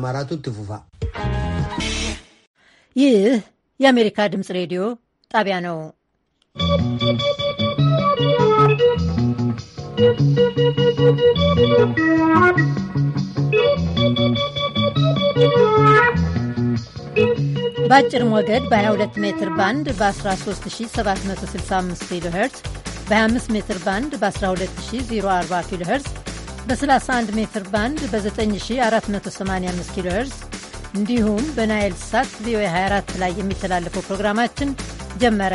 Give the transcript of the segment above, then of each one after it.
አማራቱ ትፉፋ ይህ የአሜሪካ ድምፅ ሬዲዮ ጣቢያ ነው። በአጭር ሞገድ በ22 ሜትር ባንድ በ13765 ኪሎ ሄርትስ በ25 ሜትር ባንድ በ12040 ኪሎ ሄርትስ በ31 ሜትር ባንድ በ9485 ኪሎ ሄርዝ እንዲሁም በናይል ሳት ቪኦኤ 24 ላይ የሚተላለፈው ፕሮግራማችን ጀመረ።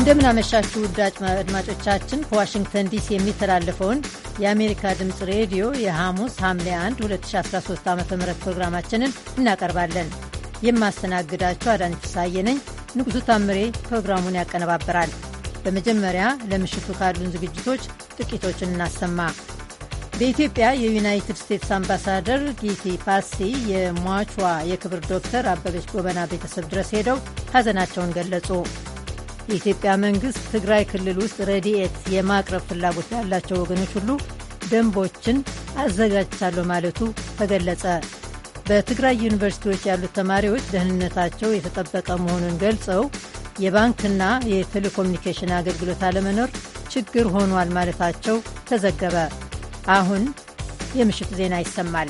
እንደምናመሻችሁ ውድ አድማጮቻችን፣ ከዋሽንግተን ዲሲ የሚተላለፈውን የአሜሪካ ድምፅ ሬዲዮ የሐሙስ ሐምሌ 1 2013 ዓ ም ፕሮግራማችንን እናቀርባለን። የማስተናግዳችሁ አዳነች ሳዬ ንጉሡ ታምሬ ፕሮግራሙን ያቀነባበራል። በመጀመሪያ ለምሽቱ ካሉን ዝግጅቶች ጥቂቶችን እናሰማ። በኢትዮጵያ የዩናይትድ ስቴትስ አምባሳደር ጊቲ ፓሲ የሟቿ የክብር ዶክተር አበበች ጎበና ቤተሰብ ድረስ ሄደው ሐዘናቸውን ገለጹ። የኢትዮጵያ መንግሥት ትግራይ ክልል ውስጥ ረድኤት የማቅረብ ፍላጎት ያላቸው ወገኖች ሁሉ ደንቦችን አዘጋጅቻለሁ ማለቱ ተገለጸ። በትግራይ ዩኒቨርሲቲዎች ያሉት ተማሪዎች ደህንነታቸው የተጠበቀ መሆኑን ገልጸው የባንክና የቴሌኮሙኒኬሽን አገልግሎት አለመኖር ችግር ሆኗል ማለታቸው ተዘገበ። አሁን የምሽት ዜና ይሰማል።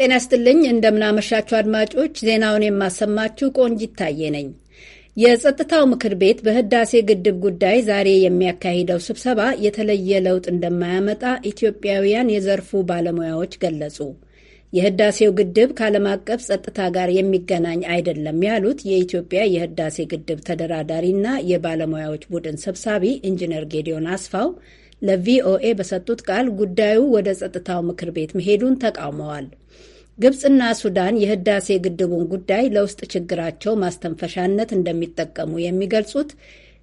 ጤና ይስጥልኝ። እንደምናመሻችሁ አድማጮች፣ ዜናውን የማሰማችሁ ቆንጅ ይታየ ነኝ። የጸጥታው ምክር ቤት በህዳሴ ግድብ ጉዳይ ዛሬ የሚያካሂደው ስብሰባ የተለየ ለውጥ እንደማያመጣ ኢትዮጵያውያን የዘርፉ ባለሙያዎች ገለጹ። የህዳሴው ግድብ ከዓለም አቀፍ ጸጥታ ጋር የሚገናኝ አይደለም ያሉት የኢትዮጵያ የህዳሴ ግድብ ተደራዳሪና የባለሙያዎች ቡድን ሰብሳቢ ኢንጂነር ጌዲዮን አስፋው ለቪኦኤ በሰጡት ቃል ጉዳዩ ወደ ጸጥታው ምክር ቤት መሄዱን ተቃውመዋል። ግብፅና ሱዳን የህዳሴ ግድቡን ጉዳይ ለውስጥ ችግራቸው ማስተንፈሻነት እንደሚጠቀሙ የሚገልጹት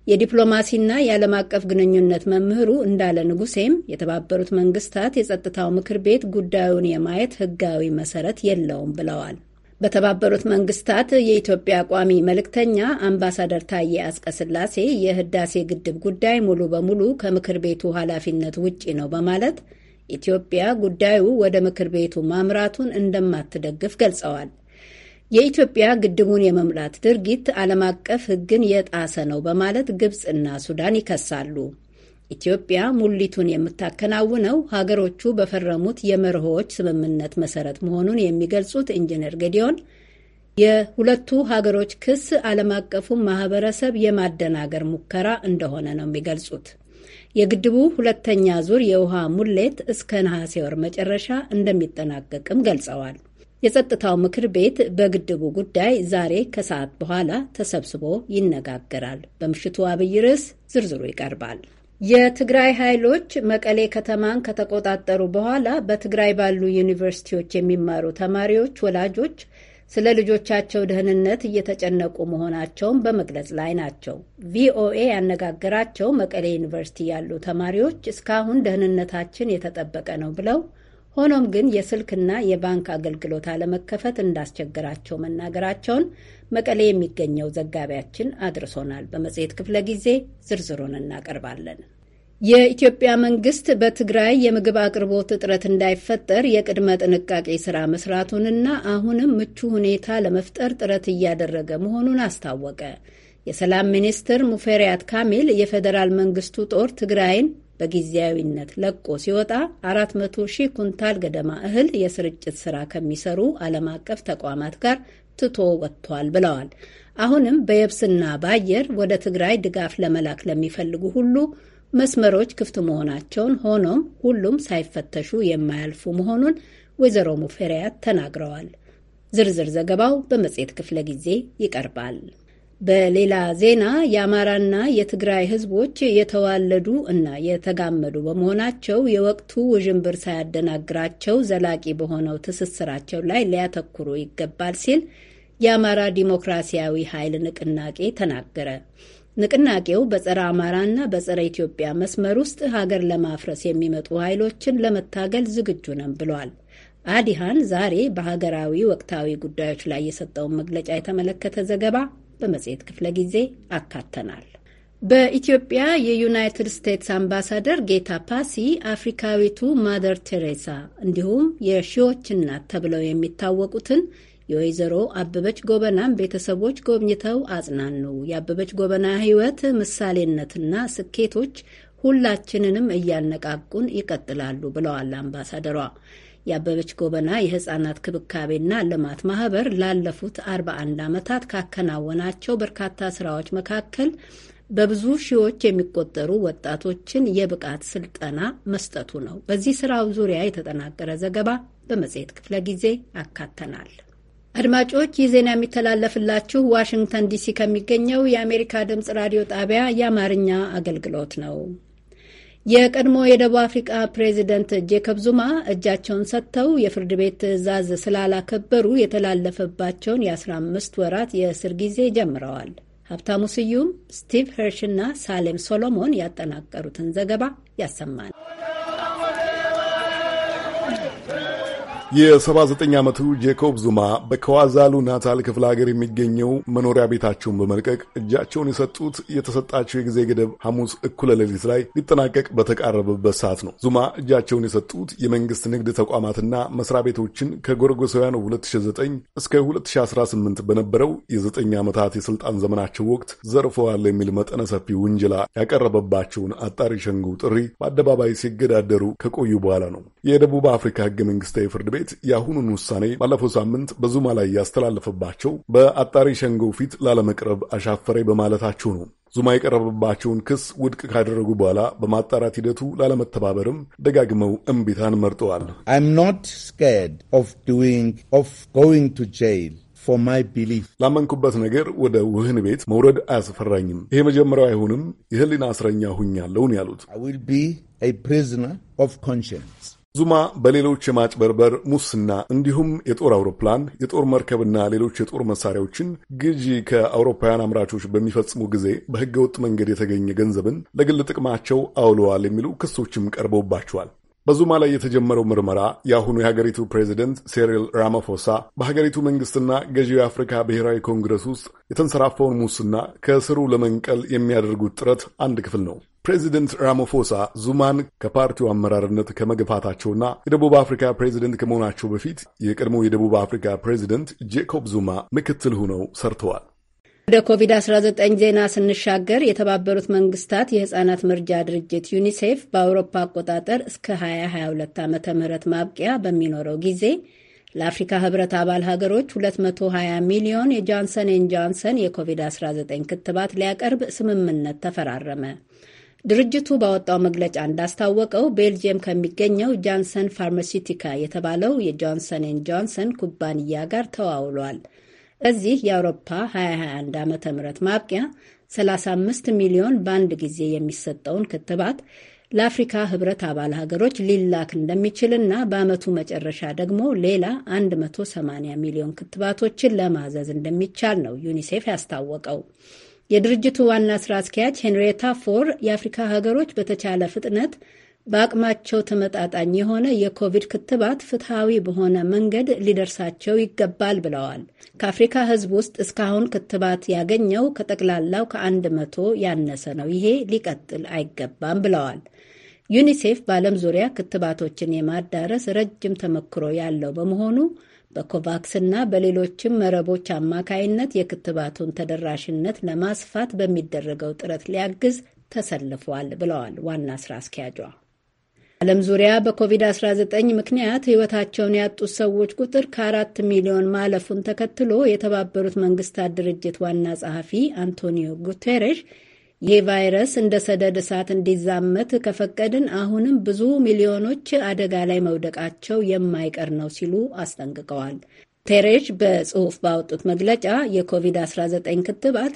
የዲፕሎማሲና የዓለም አቀፍ ግንኙነት መምህሩ እንዳለ ንጉሴም የተባበሩት መንግስታት የጸጥታው ምክር ቤት ጉዳዩን የማየት ህጋዊ መሰረት የለውም ብለዋል። በተባበሩት መንግስታት የኢትዮጵያ ቋሚ መልእክተኛ አምባሳደር ታዬ አጽቀሥላሴ የህዳሴ ግድብ ጉዳይ ሙሉ በሙሉ ከምክር ቤቱ ኃላፊነት ውጪ ነው በማለት ኢትዮጵያ ጉዳዩ ወደ ምክር ቤቱ ማምራቱን እንደማትደግፍ ገልጸዋል። የኢትዮጵያ ግድቡን የመሙላት ድርጊት ዓለም አቀፍ ሕግን የጣሰ ነው በማለት ግብፅና ሱዳን ይከሳሉ። ኢትዮጵያ ሙሊቱን የምታከናውነው ሀገሮቹ በፈረሙት የመርሆዎች ስምምነት መሰረት መሆኑን የሚገልጹት ኢንጂነር ጌዲዮን የሁለቱ ሀገሮች ክስ ዓለም አቀፉን ማህበረሰብ የማደናገር ሙከራ እንደሆነ ነው የሚገልጹት። የግድቡ ሁለተኛ ዙር የውሃ ሙሌት እስከ ነሐሴ ወር መጨረሻ እንደሚጠናቀቅም ገልጸዋል። የጸጥታው ምክር ቤት በግድቡ ጉዳይ ዛሬ ከሰዓት በኋላ ተሰብስቦ ይነጋገራል። በምሽቱ አብይ ርዕስ ዝርዝሩ ይቀርባል። የትግራይ ኃይሎች መቀሌ ከተማን ከተቆጣጠሩ በኋላ በትግራይ ባሉ ዩኒቨርሲቲዎች የሚማሩ ተማሪዎች ወላጆች ስለ ልጆቻቸው ደህንነት እየተጨነቁ መሆናቸውን በመግለጽ ላይ ናቸው። ቪኦኤ ያነጋገራቸው መቀሌ ዩኒቨርሲቲ ያሉ ተማሪዎች እስካሁን ደህንነታችን የተጠበቀ ነው ብለው ሆኖም ግን የስልክና የባንክ አገልግሎት አለመከፈት እንዳስቸገራቸው መናገራቸውን መቀሌ የሚገኘው ዘጋቢያችን አድርሶናል። በመጽሔት ክፍለ ጊዜ ዝርዝሩን እናቀርባለን። የኢትዮጵያ መንግስት በትግራይ የምግብ አቅርቦት እጥረት እንዳይፈጠር የቅድመ ጥንቃቄ ስራ መስራቱንና አሁንም ምቹ ሁኔታ ለመፍጠር ጥረት እያደረገ መሆኑን አስታወቀ። የሰላም ሚኒስትር ሙፈሪያት ካሚል የፌዴራል መንግስቱ ጦር ትግራይን በጊዜያዊነት ለቆ ሲወጣ 400 ሺህ ኩንታል ገደማ እህል የስርጭት ስራ ከሚሰሩ ዓለም አቀፍ ተቋማት ጋር ትቶ ወጥቷል ብለዋል። አሁንም በየብስና በአየር ወደ ትግራይ ድጋፍ ለመላክ ለሚፈልጉ ሁሉ መስመሮች ክፍት መሆናቸውን፣ ሆኖም ሁሉም ሳይፈተሹ የማያልፉ መሆኑን ወይዘሮ ሙፈሪያት ተናግረዋል። ዝርዝር ዘገባው በመጽሔት ክፍለ ጊዜ ይቀርባል። በሌላ ዜና የአማራና የትግራይ ህዝቦች የተዋለዱ እና የተጋመዱ በመሆናቸው የወቅቱ ውዥንብር ሳያደናግራቸው ዘላቂ በሆነው ትስስራቸው ላይ ሊያተኩሩ ይገባል ሲል የአማራ ዲሞክራሲያዊ ኃይል ንቅናቄ ተናገረ። ንቅናቄው በጸረ አማራና በጸረ ኢትዮጵያ መስመር ውስጥ ሀገር ለማፍረስ የሚመጡ ኃይሎችን ለመታገል ዝግጁ ነን ብሏል። አዲሃን ዛሬ በሀገራዊ ወቅታዊ ጉዳዮች ላይ የሰጠውን መግለጫ የተመለከተ ዘገባ በመጽሔት ክፍለ ጊዜ አካተናል። በኢትዮጵያ የዩናይትድ ስቴትስ አምባሳደር ጌታ ፓሲ አፍሪካዊቱ ማደር ቴሬሳ እንዲሁም የሺዎች እናት ተብለው የሚታወቁትን የወይዘሮ አበበች ጎበናም ቤተሰቦች ጎብኝተው አጽናኑ። የአበበች ጎበና ሕይወት ምሳሌነትና ስኬቶች ሁላችንንም እያነቃቁን ይቀጥላሉ ብለዋል አምባሳደሯ። የአበበች ጎበና የህጻናት ክብካቤና ልማት ማህበር ላለፉት 41 ዓመታት ካከናወናቸው በርካታ ስራዎች መካከል በብዙ ሺዎች የሚቆጠሩ ወጣቶችን የብቃት ስልጠና መስጠቱ ነው። በዚህ ስራው ዙሪያ የተጠናቀረ ዘገባ በመጽሔት ክፍለ ጊዜ አካተናል። አድማጮች፣ ይህ ዜና የሚተላለፍላችሁ ዋሽንግተን ዲሲ ከሚገኘው የአሜሪካ ድምፅ ራዲዮ ጣቢያ የአማርኛ አገልግሎት ነው። የቀድሞ የደቡብ አፍሪካ ፕሬዚደንት ጄኮብ ዙማ እጃቸውን ሰጥተው የፍርድ ቤት ትዕዛዝ ስላላከበሩ የተላለፈባቸውን የ15 ወራት የእስር ጊዜ ጀምረዋል። ሀብታሙ ስዩም፣ ስቲቭ እና ሳሌም ሶሎሞን ያጠናቀሩትን ዘገባ ያሰማል። የ79 ዓመቱ ጄኮብ ዙማ በከዋዛሉ ናታል ክፍለ ሀገር የሚገኘው መኖሪያ ቤታቸውን በመልቀቅ እጃቸውን የሰጡት የተሰጣቸው የጊዜ ገደብ ሐሙስ እኩለ ሌሊት ላይ ሊጠናቀቅ በተቃረበበት ሰዓት ነው። ዙማ እጃቸውን የሰጡት የመንግስት ንግድ ተቋማትና መስሪያ ቤቶችን ከጎርጎሳውያኑ 2009 እስከ 2018 በነበረው የ9 ዓመታት የሥልጣን ዘመናቸው ወቅት ዘርፈዋል የሚል መጠነ ሰፊ ውንጀላ ያቀረበባቸውን አጣሪ ሸንጎ ጥሪ በአደባባይ ሲገዳደሩ ከቆዩ በኋላ ነው። የደቡብ አፍሪካ ህገ መንግስታዊ ፍርድ ቤት የአሁኑን ውሳኔ ባለፈው ሳምንት በዙማ ላይ ያስተላለፈባቸው በአጣሪ ሸንጎ ፊት ላለመቅረብ አሻፈሬ በማለታቸው ነው። ዙማ የቀረበባቸውን ክስ ውድቅ ካደረጉ በኋላ በማጣራት ሂደቱ ላለመተባበርም ደጋግመው እምቢታን መርጠዋል። ላመንኩበት ነገር ወደ ውህን ቤት መውረድ አያስፈራኝም። ይሄ መጀመሪያው አይሆንም። የህሊና እስረኛ ሁኛለሁን ያሉት ዙማ በሌሎች የማጭበርበር ሙስና፣ እንዲሁም የጦር አውሮፕላን፣ የጦር መርከብና ሌሎች የጦር መሳሪያዎችን ግዢ ከአውሮፓውያን አምራቾች በሚፈጽሙ ጊዜ በህገወጥ መንገድ የተገኘ ገንዘብን ለግል ጥቅማቸው አውለዋል የሚሉ ክሶችም ቀርበውባቸዋል። በዙማ ላይ የተጀመረው ምርመራ የአሁኑ የሀገሪቱ ፕሬዚደንት ሴሪል ራማፎሳ በሀገሪቱ መንግስትና ገዢው የአፍሪካ ብሔራዊ ኮንግረስ ውስጥ የተንሰራፋውን ሙስና ከስሩ ለመንቀል የሚያደርጉት ጥረት አንድ ክፍል ነው። ፕሬዚደንት ራማፎሳ ዙማን ከፓርቲው አመራርነት ከመግፋታቸውና የደቡብ አፍሪካ ፕሬዚደንት ከመሆናቸው በፊት የቀድሞ የደቡብ አፍሪካ ፕሬዚደንት ጄኮብ ዙማ ምክትል ሆነው ሰርተዋል። ወደ ኮቪድ-19 ዜና ስንሻገር የተባበሩት መንግስታት የህጻናት መርጃ ድርጅት ዩኒሴፍ በአውሮፓ አቆጣጠር እስከ 2022 ዓ ም ማብቂያ በሚኖረው ጊዜ ለአፍሪካ ህብረት አባል ሀገሮች 220 ሚሊዮን የጆንሰን ኤን ጆንሰን የኮቪድ-19 ክትባት ሊያቀርብ ስምምነት ተፈራረመ። ድርጅቱ ባወጣው መግለጫ እንዳስታወቀው ቤልጅየም ከሚገኘው ጃንሰን ፋርማሲቲካ የተባለው የጆንሰን ኤን ጆንሰን ኩባንያ ጋር ተዋውሏል። እዚህ የአውሮፓ 2021 ዓ ም ማብቂያ 35 ሚሊዮን በአንድ ጊዜ የሚሰጠውን ክትባት ለአፍሪካ ህብረት አባል ሀገሮች ሊላክ እንደሚችልና በአመቱ መጨረሻ ደግሞ ሌላ 180 ሚሊዮን ክትባቶችን ለማዘዝ እንደሚቻል ነው ዩኒሴፍ ያስታወቀው። የድርጅቱ ዋና ስራ አስኪያጅ ሄንሪየታ ፎር የአፍሪካ ሀገሮች በተቻለ ፍጥነት በአቅማቸው ተመጣጣኝ የሆነ የኮቪድ ክትባት ፍትሐዊ በሆነ መንገድ ሊደርሳቸው ይገባል ብለዋል። ከአፍሪካ ሕዝብ ውስጥ እስካሁን ክትባት ያገኘው ከጠቅላላው ከአንድ መቶ ያነሰ ነው። ይሄ ሊቀጥል አይገባም ብለዋል። ዩኒሴፍ በዓለም ዙሪያ ክትባቶችን የማዳረስ ረጅም ተመክሮ ያለው በመሆኑ በኮቫክስ በሌሎችም መረቦች አማካይነት የክትባቱን ተደራሽነት ለማስፋት በሚደረገው ጥረት ሊያግዝ ተሰልፏል ብለዋል ዋና ስራ አስኪያጇ። ዓለም ዙሪያ በኮቪድ-19 ምክንያት ሕይወታቸውን ያጡት ሰዎች ቁጥር ከአራት ሚሊዮን ማለፉን ተከትሎ የተባበሩት መንግስታት ድርጅት ዋና ጸሐፊ አንቶኒዮ ጉቴሬሽ ይህ ቫይረስ እንደ ሰደድ እሳት እንዲዛመት ከፈቀድን አሁንም ብዙ ሚሊዮኖች አደጋ ላይ መውደቃቸው የማይቀር ነው ሲሉ አስጠንቅቀዋል። ጉቴሬሽ በጽሑፍ ባወጡት መግለጫ የኮቪድ-19 ክትባት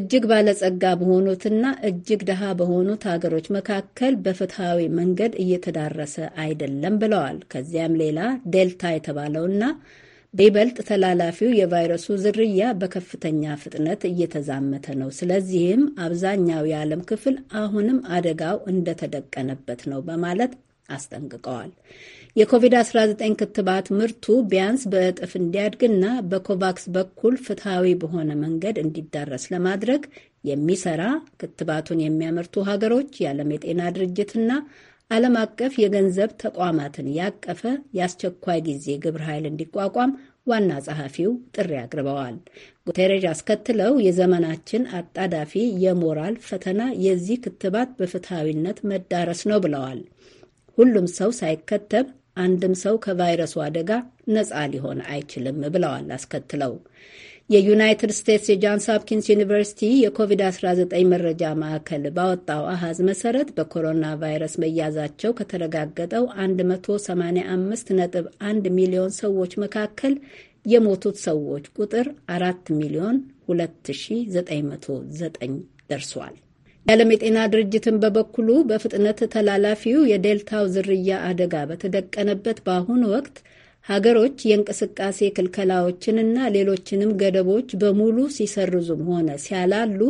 እጅግ ባለጸጋ በሆኑትና እጅግ ድሃ በሆኑት ሀገሮች መካከል በፍትሐዊ መንገድ እየተዳረሰ አይደለም ብለዋል። ከዚያም ሌላ ዴልታ የተባለውና በይበልጥ ተላላፊው የቫይረሱ ዝርያ በከፍተኛ ፍጥነት እየተዛመተ ነው። ስለዚህም አብዛኛው የዓለም ክፍል አሁንም አደጋው እንደተደቀነበት ነው በማለት አስጠንቅቀዋል። የኮቪድ-19 ክትባት ምርቱ ቢያንስ በእጥፍ እንዲያድግና በኮቫክስ በኩል ፍትሐዊ በሆነ መንገድ እንዲዳረስ ለማድረግ የሚሰራ ክትባቱን የሚያመርቱ ሀገሮች የዓለም የጤና ድርጅትና ዓለም አቀፍ የገንዘብ ተቋማትን ያቀፈ የአስቸኳይ ጊዜ ግብረ ኃይል እንዲቋቋም ዋና ጸሐፊው ጥሪ አቅርበዋል። ጉቴሬዥ አስከትለው የዘመናችን አጣዳፊ የሞራል ፈተና የዚህ ክትባት በፍትሐዊነት መዳረስ ነው ብለዋል። ሁሉም ሰው ሳይከተብ አንድም ሰው ከቫይረሱ አደጋ ነፃ ሊሆን አይችልም ብለዋል። አስከትለው የዩናይትድ ስቴትስ የጃንስ ሆፕኪንስ ዩኒቨርሲቲ የኮቪድ-19 መረጃ ማዕከል ባወጣው አሃዝ መሰረት በኮሮና ቫይረስ መያዛቸው ከተረጋገጠው 185.1 ሚሊዮን ሰዎች መካከል የሞቱት ሰዎች ቁጥር 4 ሚሊዮን 2909 ደርሷል። የዓለም የጤና ድርጅትን በበኩሉ በፍጥነት ተላላፊው የዴልታው ዝርያ አደጋ በተደቀነበት በአሁኑ ወቅት ሀገሮች የእንቅስቃሴ ክልከላዎችንና ሌሎችንም ገደቦች በሙሉ ሲሰርዙም ሆነ ሲያላሉ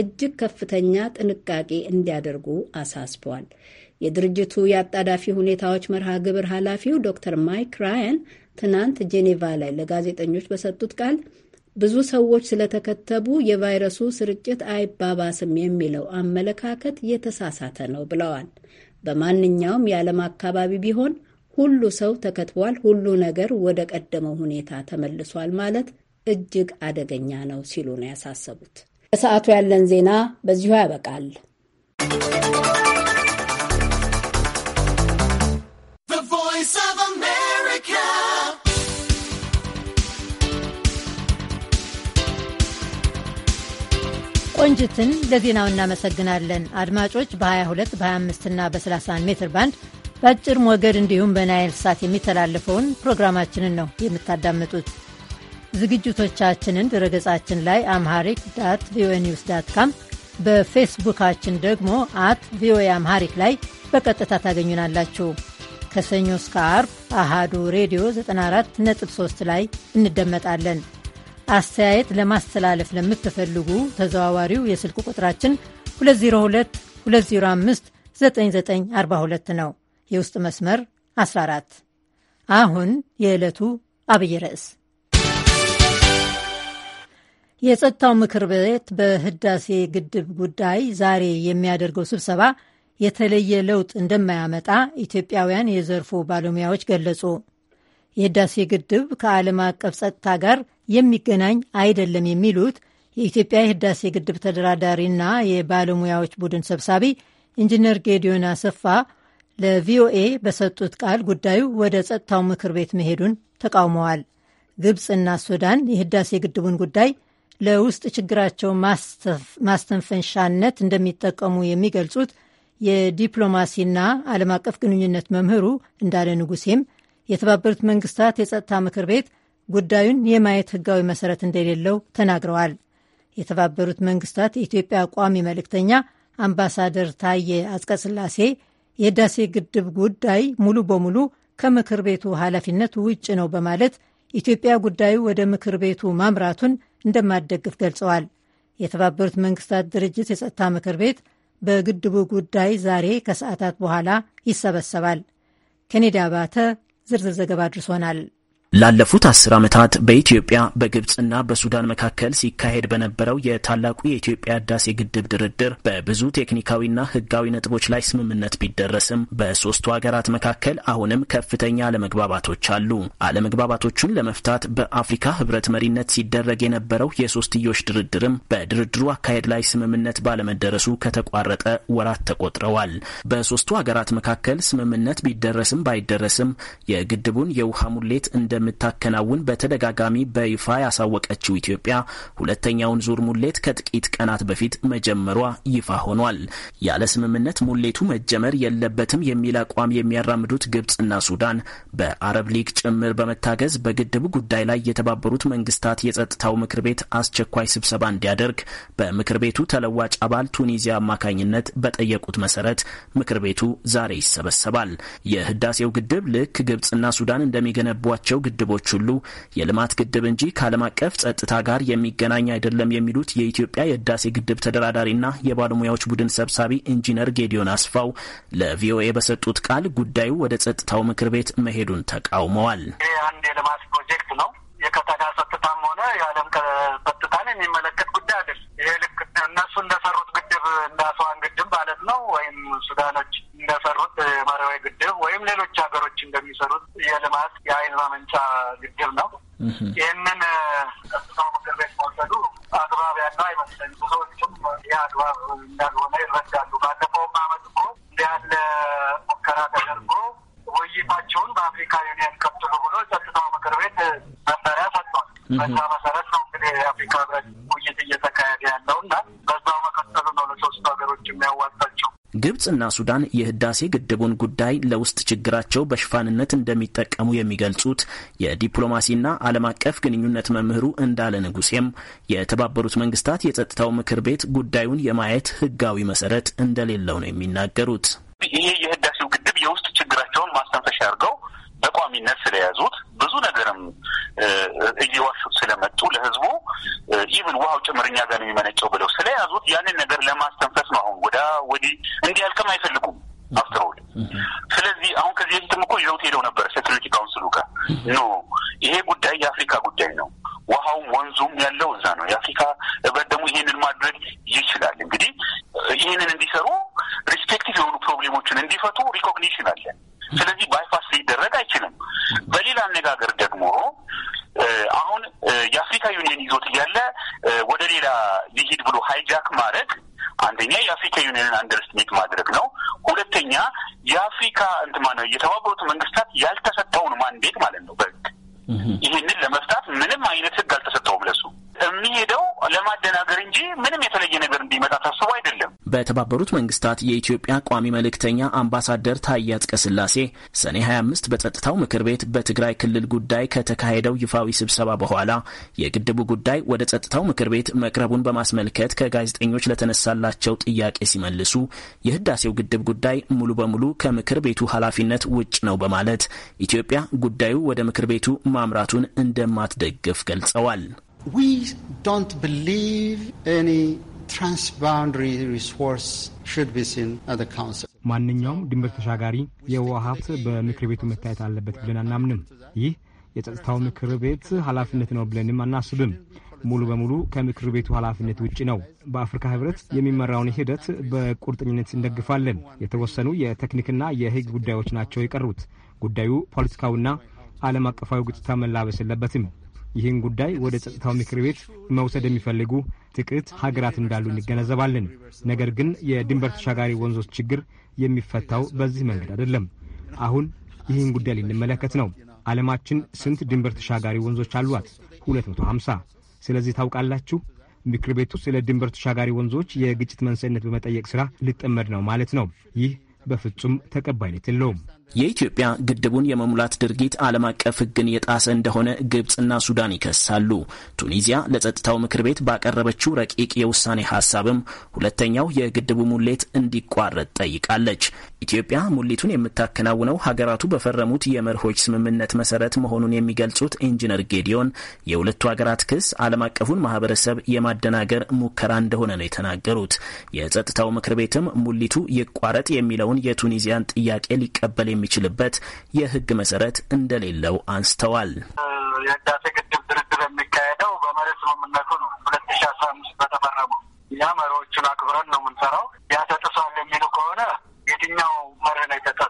እጅግ ከፍተኛ ጥንቃቄ እንዲያደርጉ አሳስቧል። የድርጅቱ የአጣዳፊ ሁኔታዎች መርሃ ግብር ኃላፊው ዶክተር ማይክ ራያን ትናንት ጄኔቫ ላይ ለጋዜጠኞች በሰጡት ቃል ብዙ ሰዎች ስለተከተቡ የቫይረሱ ስርጭት አይባባስም የሚለው አመለካከት የተሳሳተ ነው ብለዋል። በማንኛውም የዓለም አካባቢ ቢሆን ሁሉ ሰው ተከትቧል፣ ሁሉ ነገር ወደ ቀደመው ሁኔታ ተመልሷል ማለት እጅግ አደገኛ ነው ሲሉ ነው ያሳሰቡት። ለሰዓቱ ያለን ዜና በዚሁ ያበቃል። ቆንጅትን ለዜናው እናመሰግናለን። አድማጮች በ22 በ25ና በ31 ሜትር ባንድ በአጭር ሞገድ እንዲሁም በናይል ሳት የሚተላለፈውን ፕሮግራማችንን ነው የምታዳምጡት። ዝግጅቶቻችንን ድረገጻችን ላይ አምሃሪክ ዳት ቪኦኤ ኒውስ ዳት ካም፣ በፌስቡካችን ደግሞ አት ቪኦኤ አምሃሪክ ላይ በቀጥታ ታገኙናላችሁ። ከሰኞ እስከ አርብ አሃዱ ሬዲዮ 94.3 ላይ እንደመጣለን። አስተያየት ለማስተላለፍ ለምትፈልጉ ተዘዋዋሪው የስልክ ቁጥራችን 2022059942 ነው። የውስጥ መስመር 14። አሁን የዕለቱ አብይ ርዕስ የጸጥታው ምክር ቤት በህዳሴ ግድብ ጉዳይ ዛሬ የሚያደርገው ስብሰባ የተለየ ለውጥ እንደማያመጣ ኢትዮጵያውያን የዘርፉ ባለሙያዎች ገለጹ። የህዳሴ ግድብ ከዓለም አቀፍ ጸጥታ ጋር የሚገናኝ አይደለም የሚሉት የኢትዮጵያ የህዳሴ ግድብ ተደራዳሪና የባለሙያዎች ቡድን ሰብሳቢ ኢንጂነር ጌዲዮን አሰፋ ለቪኦኤ በሰጡት ቃል ጉዳዩ ወደ ጸጥታው ምክር ቤት መሄዱን ተቃውመዋል። ግብፅና ሱዳን የህዳሴ ግድቡን ጉዳይ ለውስጥ ችግራቸው ማስተንፈሻነት እንደሚጠቀሙ የሚገልጹት የዲፕሎማሲና ዓለም አቀፍ ግንኙነት መምህሩ እንዳለ ንጉሴም የተባበሩት መንግስታት የጸጥታ ምክር ቤት ጉዳዩን የማየት ህጋዊ መሰረት እንደሌለው ተናግረዋል። የተባበሩት መንግስታት የኢትዮጵያ ቋሚ መልእክተኛ አምባሳደር ታዬ አጽቀሥላሴ የህዳሴ ግድብ ጉዳይ ሙሉ በሙሉ ከምክር ቤቱ ኃላፊነት ውጭ ነው በማለት ኢትዮጵያ ጉዳዩ ወደ ምክር ቤቱ ማምራቱን እንደማደግፍ ገልጸዋል። የተባበሩት መንግስታት ድርጅት የጸጥታ ምክር ቤት በግድቡ ጉዳይ ዛሬ ከሰዓታት በኋላ ይሰበሰባል። ኬኔዲ አባተ ዝርዝር ዘገባ አድርሶናል። ላለፉት አስር ዓመታት በኢትዮጵያ በግብፅና በሱዳን መካከል ሲካሄድ በነበረው የታላቁ የኢትዮጵያ ህዳሴ ግድብ ድርድር በብዙ ቴክኒካዊና ህጋዊ ነጥቦች ላይ ስምምነት ቢደረስም በሶስቱ ሀገራት መካከል አሁንም ከፍተኛ አለመግባባቶች አሉ። አለመግባባቶቹን ለመፍታት በአፍሪካ ህብረት መሪነት ሲደረግ የነበረው የሶስትዮሽ ድርድርም በድርድሩ አካሄድ ላይ ስምምነት ባለመደረሱ ከተቋረጠ ወራት ተቆጥረዋል። በሶስቱ ሀገራት መካከል ስምምነት ቢደረስም ባይደረስም የግድቡን የውሃ ሙሌት እንደ እንደምታከናውን በተደጋጋሚ በይፋ ያሳወቀችው ኢትዮጵያ ሁለተኛውን ዙር ሙሌት ከጥቂት ቀናት በፊት መጀመሯ ይፋ ሆኗል። ያለ ስምምነት ሙሌቱ መጀመር የለበትም የሚል አቋም የሚያራምዱት ግብጽና ሱዳን በአረብ ሊግ ጭምር በመታገዝ በግድቡ ጉዳይ ላይ የተባበሩት መንግስታት የጸጥታው ምክር ቤት አስቸኳይ ስብሰባ እንዲያደርግ በምክር ቤቱ ተለዋጭ አባል ቱኒዚያ አማካኝነት በጠየቁት መሰረት ምክር ቤቱ ዛሬ ይሰበሰባል። የህዳሴው ግድብ ልክ ግብጽና ሱዳን እንደሚገነቧቸው ግድቦች ሁሉ የልማት ግድብ እንጂ ከዓለም አቀፍ ጸጥታ ጋር የሚገናኝ አይደለም የሚሉት የኢትዮጵያ የህዳሴ ግድብ ተደራዳሪና የባለሙያዎች ቡድን ሰብሳቢ ኢንጂነር ጌዲዮን አስፋው ለቪኦኤ በሰጡት ቃል ጉዳዩ ወደ ጸጥታው ምክር ቤት መሄዱን ተቃውመዋል። ይህ አንድ የልማት ፕሮጀክት ነው። የቀጠና ጸጥታም ሆነ የዓለም ጸጥታን የሚመለከት ጉዳይ አይደለም። ይሄ ልክ እነሱ እንደሰሩት ግድብ እንደ አስዋን ግድብ ማለት ነው ወይም ሱዳኖች እንደሰሩት የመራዊ ግድብ ወይም ሌሎች ሀገሮች እንደሚሰሩት የልማት የኃይል ማመንጫ ግድብ ነው። ይህንን ጸጥታው ምክር ቤት መውሰዱ አግባብ ያለው አይመስለኝ። ብዙዎችም ይህ አግባብ እንዳልሆነ ይረዳሉ። ባለፈውም አመት እኮ እንዲህ ያለ ሙከራ ተደርጎ ውይይታቸውን በአፍሪካ ዩኒየን ቀጥሉ ብሎ ጸጥታው ምክር ቤት መሳሪያ ሰጥቷል። በዛ መሰረት ነው እንግዲህ የአፍሪካ ህብረት ውይይት እየተካሄደ ያለው እና በዛው መቀጠሉ ነው ለሶስቱ ሀገሮች የሚያዋጣቸው። ግብጽና ሱዳን የህዳሴ ግድቡን ጉዳይ ለውስጥ ችግራቸው በሽፋንነት እንደሚጠቀሙ የሚገልጹት የዲፕሎማሲና ዓለም አቀፍ ግንኙነት መምህሩ እንዳለ ንጉሴም የተባበሩት መንግስታት የጸጥታው ምክር ቤት ጉዳዩን የማየት ህጋዊ መሰረት እንደሌለው ነው የሚናገሩት። ይህ የህዳሴው ግድብ የውስጥ ችግራቸውን ማስተንፈሻ አድርገው በቋሚነት ስለያዙት ብዙ ነገርም እየዋሹት ስለመጡ ለህዝቡ ኢቭን ውሃው ጭምርኛ ጋር ነው የሚመነጨው ብለው ስለያዙት ያንን ነገር ለማስተንፈስ ነው። አሁን ወዳ ወዲህ እንዲያልቅም አይፈልጉም አፍትሮል። ስለዚህ አሁን ከዚህ በፊትም እኮ ይዘውት ሄደው ነበር ሴኩሪቲ ካውንስሉ ጋር ኖ ይሄ ጉዳይ የአፍሪካ ጉዳይ ነው። ውሃውም ወንዙም ያለው እዛ ነው። የአፍሪካ ህብረት ደግሞ ይሄንን ማድረግ ይችላል። እንግዲህ ይህንን እንዲሰሩ ሪስፔክቲቭ የሆኑ ፕሮብሌሞችን እንዲፈቱ ሪኮግኒሽን አለን። ስለዚህ ባይፓስ ሊደረግ አይችልም። በሌላ አነጋገር ደግሞ አሁን የአፍሪካ ዩኒየን ይዞት እያለ ወደ ሌላ ሊሂድ ብሎ ሀይጃክ ማድረግ አንደኛ የአፍሪካ ዩኒየንን አንደርስትሜት ማድረግ ነው። ሁለተኛ የአፍሪካ እንትማ ነው የተባበሩት መንግስታት ያልተሰጠውን ማንዴት ማለት ነው በህግ ይህንን ለመፍታት ምንም አይነት ህግ አልተሰጠውም ለሱ የሚሄደው ለማደናገር እንጂ ምንም የተለየ ነገር እንዲመጣ ታስቦ አይደለም። በተባበሩት መንግስታት የኢትዮጵያ ቋሚ መልእክተኛ አምባሳደር ታዬ አጽቀሥላሴ ሰኔ 25 በጸጥታው ምክር ቤት በትግራይ ክልል ጉዳይ ከተካሄደው ይፋዊ ስብሰባ በኋላ የግድቡ ጉዳይ ወደ ጸጥታው ምክር ቤት መቅረቡን በማስመልከት ከጋዜጠኞች ለተነሳላቸው ጥያቄ ሲመልሱ የህዳሴው ግድብ ጉዳይ ሙሉ በሙሉ ከምክር ቤቱ ኃላፊነት ውጭ ነው በማለት ኢትዮጵያ ጉዳዩ ወደ ምክር ቤቱ ማምራቱን እንደማትደግፍ ገልጸዋል። don't believe ብሊቭ ኤኒ resource should be seen at the council. ማንኛውም ድንበር ተሻጋሪ የውሃ ሀብት በምክር ቤቱ መታየት አለበት ብለን አናምንም። ይህ የጸጥታው ምክር ቤት ኃላፊነት ነው ብለንም አናስብም። ሙሉ በሙሉ ከምክር ቤቱ ኃላፊነት ውጭ ነው። በአፍሪካ ህብረት የሚመራውን ሂደት በቁርጠኝነት እንደግፋለን። የተወሰኑ የቴክኒክና የህግ ጉዳዮች ናቸው የቀሩት። ጉዳዩ ፖለቲካዊና ዓለም አቀፋዊ ገጽታ መላበስ የለበትም። ይህን ጉዳይ ወደ ጸጥታው ምክር ቤት መውሰድ የሚፈልጉ ጥቂት ሀገራት እንዳሉ እንገነዘባለን። ነገር ግን የድንበር ተሻጋሪ ወንዞች ችግር የሚፈታው በዚህ መንገድ አይደለም። አሁን ይህን ጉዳይ ልንመለከት ነው። ዓለማችን ስንት ድንበር ተሻጋሪ ወንዞች አሏት? 250 ስለዚህ ታውቃላችሁ፣ ምክር ቤቱ ስለ ድንበር ተሻጋሪ ወንዞች የግጭት መንስኤነት በመጠየቅ ሥራ ሊጠመድ ነው ማለት ነው። ይህ በፍጹም ተቀባይነት የለውም። የኢትዮጵያ ግድቡን የመሙላት ድርጊት ዓለም አቀፍ ሕግን የጣሰ እንደሆነ ግብፅና ሱዳን ይከሳሉ። ቱኒዚያ ለጸጥታው ምክር ቤት ባቀረበችው ረቂቅ የውሳኔ ሀሳብም ሁለተኛው የግድቡ ሙሌት እንዲቋረጥ ጠይቃለች። ኢትዮጵያ ሙሊቱን የምታከናውነው ሀገራቱ በፈረሙት የመርሆች ስምምነት መሰረት መሆኑን የሚገልጹት ኢንጂነር ጌዲዮን የሁለቱ ሀገራት ክስ ዓለም አቀፉን ማህበረሰብ የማደናገር ሙከራ እንደሆነ ነው የተናገሩት። የጸጥታው ምክር ቤትም ሙሊቱ ይቋረጥ የሚለውን የቱኒዚያን ጥያቄ ሊቀበል የሚችልበት የህግ መሰረት እንደሌለው አንስተዋል። የህዳሴ ግድብ ድርድር የሚካሄደው በመሬት ስምምነቱ ነው። ሁለት ሺ አስራ አምስት በተፈረሙ እኛ መሪዎቹን አክብረን ነው የምንሰራው። ያተጥሷል የሚሉ ከሆነ የትኛው መርህ ነው የተጠ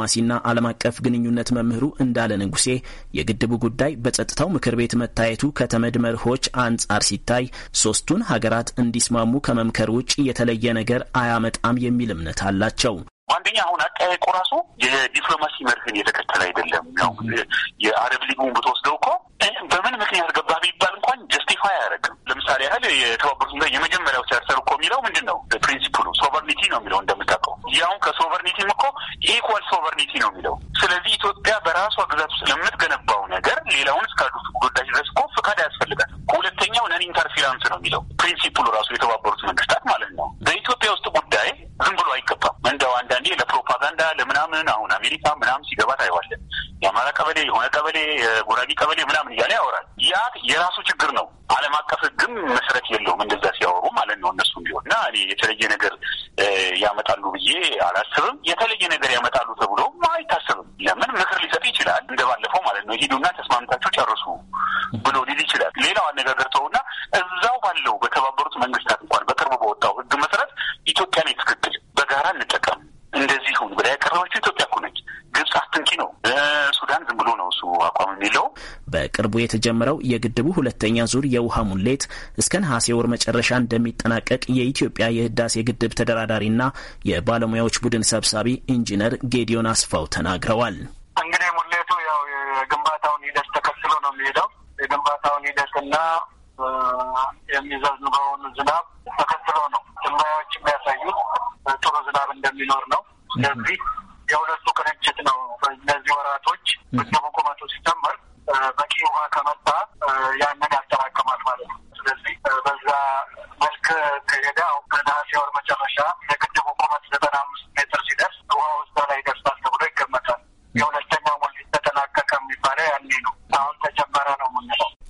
ዲፕሎማሲና ዓለም አቀፍ ግንኙነት መምህሩ እንዳለ ንጉሴ የግድቡ ጉዳይ በጸጥታው ምክር ቤት መታየቱ ከተመድ መርሆች አንጻር ሲታይ ሶስቱን ሀገራት እንዲስማሙ ከመምከር ውጭ የተለየ ነገር አያመጣም የሚል እምነት አላቸው። አንደኛ አሁን አጠያየቁ ራሱ የዲፕሎማሲ መርህን የተከ ይችላል። ሌላው አነጋገር ተውና እዛው ባለው በተባበሩት መንግስታት እንኳን በቅርቡ በወጣው ህግ መሰረት ኢትዮጵያ ላይ ትክክል በጋራ እንጠቀም እንደዚህ ይሁን ብላ ያቀረበችው ኢትዮጵያ እኮ ነች። ግብጽ አትንኪ ነው። ሱዳን ዝም ብሎ ነው እሱ አቋም የሚለው። በቅርቡ የተጀመረው የግድቡ ሁለተኛ ዙር የውሃ ሙሌት እስከ ነሐሴ ወር መጨረሻ እንደሚጠናቀቅ የኢትዮጵያ የህዳሴ ግድብ ተደራዳሪና የባለሙያዎች ቡድን ሰብሳቢ ኢንጂነር ጌዲዮን አስፋው ተናግረዋል። እንግዲህ ሙሌቱ ያው የግንባታውን ሂደት ተከትሎ ነው የሚሄደው የግንባታውን ሂደትና የሚዘንበውን ዝናብ ተከትሎ ነው ትንበያዎች የሚያሳዩት ጥሩ ዝናብ እንደሚኖር ነው። ስለዚህ የሁለቱ ቅንጅት ነው። እነዚህ ወራቶች ግድቡ ቁመቱ ሲጨምር በቂ ውሃ ከመጣ ያንን ያጠራቅማል ማለት ነው። ስለዚህ በዛ መልክ ከሄደ አሁን ከነሐሴ ወር መጨረሻ የግድቡ ቁመት ዘጠና አምስት ሜትር ሲደርስ ውሃ ውስጥ ላይ ይደርሳል ተብሎ ይገመታል። የሁለተ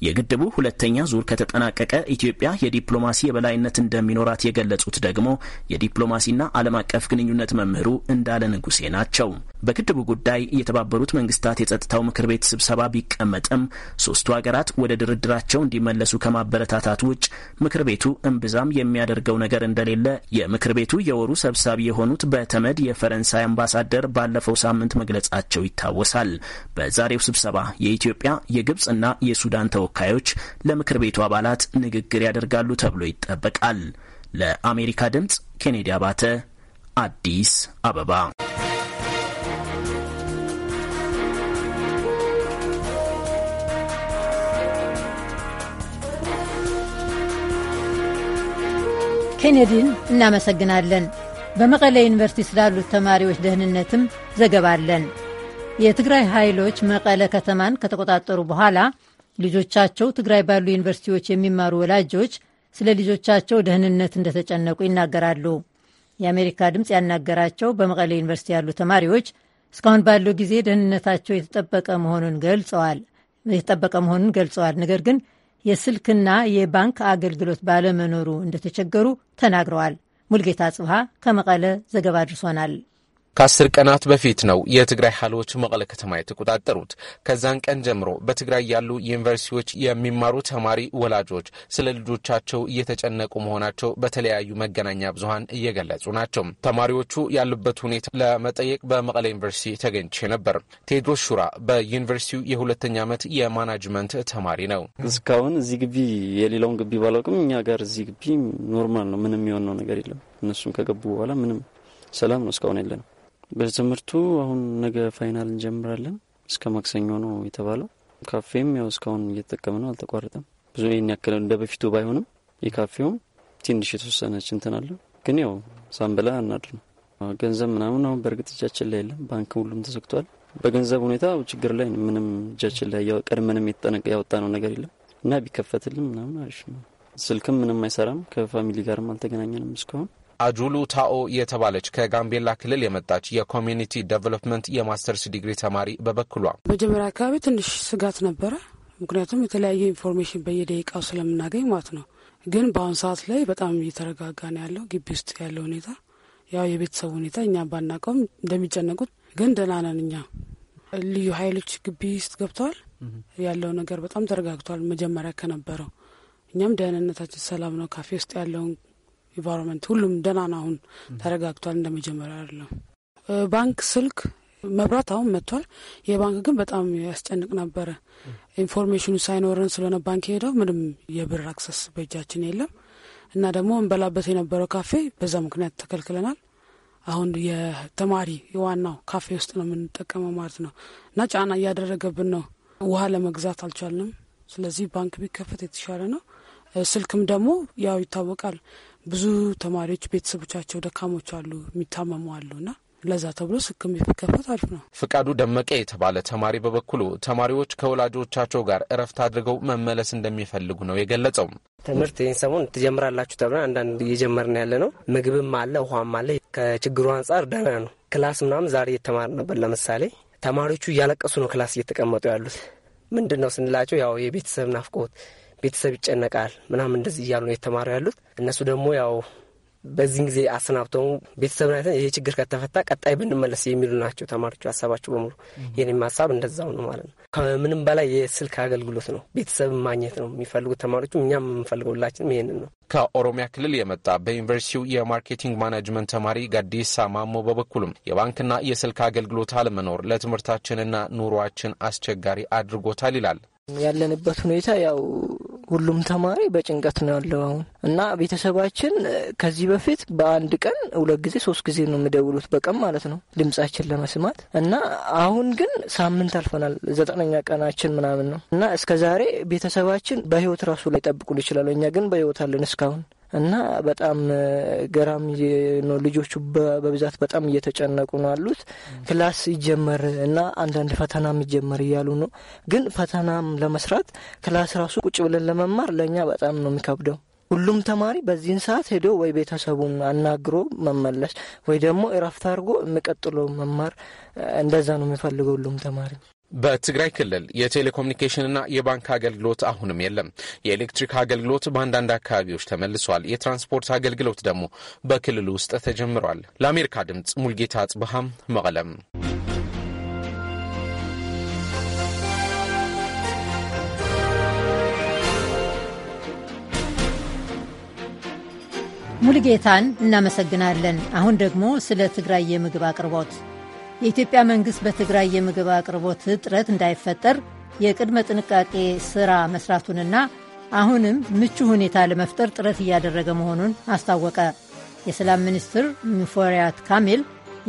የግድቡ ሁለተኛ ዙር ከተጠናቀቀ ኢትዮጵያ የዲፕሎማሲ የበላይነት እንደሚኖራት የገለጹት ደግሞ የዲፕሎማሲና ዓለም አቀፍ ግንኙነት መምህሩ እንዳለ ንጉሴ ናቸው። በግድቡ ጉዳይ የተባበሩት መንግስታት የጸጥታው ምክር ቤት ስብሰባ ቢቀመጥም ሶስቱ ሀገራት ወደ ድርድራቸው እንዲመለሱ ከማበረታታት ውጭ ምክር ቤቱ እምብዛም የሚያደርገው ነገር እንደሌለ የምክር ቤቱ የወሩ ሰብሳቢ የሆኑት በተመድ የፈረንሳይ አምባሳደር ባለፈው ሳምንት መግለጻቸው ይታወሳል። በዛሬው ስብሰባ የኢትዮጵያ የግብፅና የሱዳን ተወ ተወካዮች ለምክር ቤቱ አባላት ንግግር ያደርጋሉ ተብሎ ይጠበቃል። ለአሜሪካ ድምፅ ኬኔዲ አባተ አዲስ አበባ። ኬኔዲን እናመሰግናለን። በመቀለ ዩኒቨርሲቲ ስላሉት ተማሪዎች ደህንነትም ዘገባ አለን። የትግራይ ኃይሎች መቀለ ከተማን ከተቆጣጠሩ በኋላ ልጆቻቸው ትግራይ ባሉ ዩኒቨርሲቲዎች የሚማሩ ወላጆች ስለ ልጆቻቸው ደህንነት እንደተጨነቁ ይናገራሉ። የአሜሪካ ድምፅ ያናገራቸው በመቀሌ ዩኒቨርሲቲ ያሉ ተማሪዎች እስካሁን ባለው ጊዜ ደህንነታቸው የተጠበቀ መሆኑን ገልጸዋል የተጠበቀ መሆኑን ገልጸዋል። ነገር ግን የስልክና የባንክ አገልግሎት ባለመኖሩ እንደተቸገሩ ተናግረዋል። ሙልጌታ ጽብሃ ከመቀለ ዘገባ አድርሶናል። ከአስር ቀናት በፊት ነው የትግራይ ኃይሎች መቀለ ከተማ የተቆጣጠሩት። ከዛን ቀን ጀምሮ በትግራይ ያሉ ዩኒቨርሲቲዎች የሚማሩ ተማሪ ወላጆች ስለ ልጆቻቸው እየተጨነቁ መሆናቸው በተለያዩ መገናኛ ብዙኃን እየገለጹ ናቸው። ተማሪዎቹ ያሉበት ሁኔታ ለመጠየቅ በመቀለ ዩኒቨርሲቲ ተገኝቼ ነበር። ቴድሮስ ሹራ በዩኒቨርሲቲው የሁለተኛ ዓመት የማናጅመንት ተማሪ ነው። እስካሁን እዚህ ግቢ የሌላውን ግቢ ባላውቅም እኛ ጋር እዚህ ግቢ ኖርማል ነው። ምንም የሆነው ነገር የለም። እነሱም ከገቡ በኋላ ምንም ሰላም ነው። እስካሁን የለንም። በትምህርቱ አሁን ነገ ፋይናል እንጀምራለን። እስከ ማክሰኞ ነው የተባለው። ካፌም ያው እስካሁን እየተጠቀም ነው፣ አልተቋረጠም። ብዙ ይህን ያክል እንደ በፊቱ ባይሆንም የካፌውም ትንሽ የተወሰነች እንትን አለ። ግን ያው ሳንበላ አናድር ነው። ገንዘብ ምናምን አሁን በእርግጥ እጃችን ላይ የለም፣ ባንክ ሁሉም ተዘግቷል። በገንዘብ ሁኔታ ችግር ላይ ምንም እጃችን ላይ ቀድመንም የተጠነቀ ያወጣ ነው ነገር የለም እና ቢከፈትልም ምናምን አሪፍ ነው። ስልክም ምንም አይሰራም። ከፋሚሊ ጋርም አልተገናኘንም እስካሁን አጁሉ ታኦ የተባለች ከጋምቤላ ክልል የመጣች የኮሚኒቲ ዴቨሎፕመንት የማስተርስ ዲግሪ ተማሪ በበኩሏ መጀመሪያ አካባቢ ትንሽ ስጋት ነበረ። ምክንያቱም የተለያየ ኢንፎርሜሽን በየደቂቃው ስለምናገኝ ማለት ነው። ግን በአሁኑ ሰዓት ላይ በጣም እየተረጋጋ ነው ያለው ግቢ ውስጥ ያለው ሁኔታ። ያው የቤተሰቡ ሁኔታ እኛ ባናቀውም እንደሚጨነቁት ግን ደህና ነን እኛ። ልዩ ኃይሎች ግቢ ውስጥ ገብተዋል። ያለው ነገር በጣም ተረጋግቷል መጀመሪያ ከነበረው። እኛም ደህንነታችን ሰላም ነው። ካፌ ውስጥ ያለውን ኢንቫይሮንመንት ሁሉም ደህና ነው። አሁን ተረጋግቷል። እንደመጀመሪያ አይደለም። ባንክ፣ ስልክ፣ መብራት አሁን መጥቷል። የባንክ ግን በጣም ያስጨንቅ ነበረ። ኢንፎርሜሽኑ ሳይኖረን ስለሆነ ባንክ ሄደው ምንም የብር አክሰስ በእጃችን የለም እና ደግሞ እንበላበት የነበረው ካፌ በዛ ምክንያት ተከልክለናል። አሁን የተማሪ የዋናው ካፌ ውስጥ ነው የምንጠቀመው ማለት ነው እና ጫና እያደረገብን ነው። ውሃ ለመግዛት አልቻልንም። ስለዚህ ባንክ ቢከፈት የተሻለ ነው። ስልክም ደግሞ ያው ይታወቃል ብዙ ተማሪዎች ቤተሰቦቻቸው ደካሞች አሉ፣ የሚታመሙ ና ለዛ ተብሎ ስክም ቢከፈት አሪፍ ነው። ፍቃዱ ደመቀ የተባለ ተማሪ በበኩሉ ተማሪዎች ከወላጆቻቸው ጋር እረፍት አድርገው መመለስ እንደሚፈልጉ ነው የገለጸው። ትምህርት ይህን ሰሞን ትጀምራላችሁ ተብለን አንዳንድ እየጀመርን ያለ ነው። ምግብም አለ፣ ውሃም አለ። ከችግሩ አንጻር ደህና ነው። ክላስ ምናምን ዛሬ የተማር ነበር። ለምሳሌ ተማሪዎቹ እያለቀሱ ነው ክላስ እየተቀመጡ ያሉት። ምንድን ነው ስንላቸው ያው የቤተሰብ ናፍቆት ቤተሰብ ይጨነቃል ምናምን እንደዚህ እያሉ ነው የተማሩ ያሉት። እነሱ ደግሞ ያው በዚህን ጊዜ አሰናብተው ቤተሰብን አይተን ይሄ ችግር ከተፈታ ቀጣይ ብንመለስ የሚሉ ናቸው ተማሪዎቹ። ሀሳባቸው በሙሉ የኔም ሀሳብ እንደዛው ነው ማለት ነው። ከምንም በላይ የስልክ አገልግሎት ነው ቤተሰብ ማግኘት ነው የሚፈልጉት ተማሪዎቹ። እኛም የምንፈልገውላችንም ሁላችንም ይሄንን ነው። ከኦሮሚያ ክልል የመጣ በዩኒቨርሲቲው የማርኬቲንግ ማናጅመንት ተማሪ ጋዴሳ ማሞ በበኩሉም የባንክና የስልክ አገልግሎት አለመኖር ለትምህርታችንና ኑሯችን አስቸጋሪ አድርጎታል ይላል። ያለንበት ሁኔታ ያው ሁሉም ተማሪ በጭንቀት ነው ያለው አሁን እና ቤተሰባችን ከዚህ በፊት በአንድ ቀን ሁለት ጊዜ ሶስት ጊዜ ነው የሚደውሉት በቀን ማለት ነው ድምጻችን ለመስማት እና አሁን ግን ሳምንት አልፈናል ዘጠነኛ ቀናችን ምናምን ነው እና እስከ ዛሬ ቤተሰባችን በህይወት ራሱ ላይ ጠብቁን ይችላሉ እኛ ግን በህይወት አለን እስካሁን እና በጣም ገራሚ ነው። ልጆቹ በብዛት በጣም እየተጨነቁ ነው አሉት። ክላስ ይጀመር እና አንዳንድ ፈተናም ይጀመር እያሉ ነው። ግን ፈተናም ለመስራት ክላስ ራሱ ቁጭ ብለን ለመማር ለእኛ በጣም ነው የሚከብደው። ሁሉም ተማሪ በዚህን ሰዓት ሄዶ ወይ ቤተሰቡን አናግሮ መመለስ ወይ ደግሞ እረፍት አድርጎ የሚቀጥለው መማር እንደዛ ነው የሚፈልገው ሁሉም ተማሪ። በትግራይ ክልል የቴሌኮሙኒኬሽንና የባንክ አገልግሎት አሁንም የለም። የኤሌክትሪክ አገልግሎት በአንዳንድ አካባቢዎች ተመልሷል። የትራንስፖርት አገልግሎት ደግሞ በክልሉ ውስጥ ተጀምሯል። ለአሜሪካ ድምፅ ሙልጌታ አጽብሃም መቀለም። ሙልጌታን እናመሰግናለን። አሁን ደግሞ ስለ ትግራይ የምግብ አቅርቦት የኢትዮጵያ መንግሥት በትግራይ የምግብ አቅርቦት እጥረት እንዳይፈጠር የቅድመ ጥንቃቄ ሥራ መስራቱንና አሁንም ምቹ ሁኔታ ለመፍጠር ጥረት እያደረገ መሆኑን አስታወቀ። የሰላም ሚኒስትር ሙፈሪያት ካሚል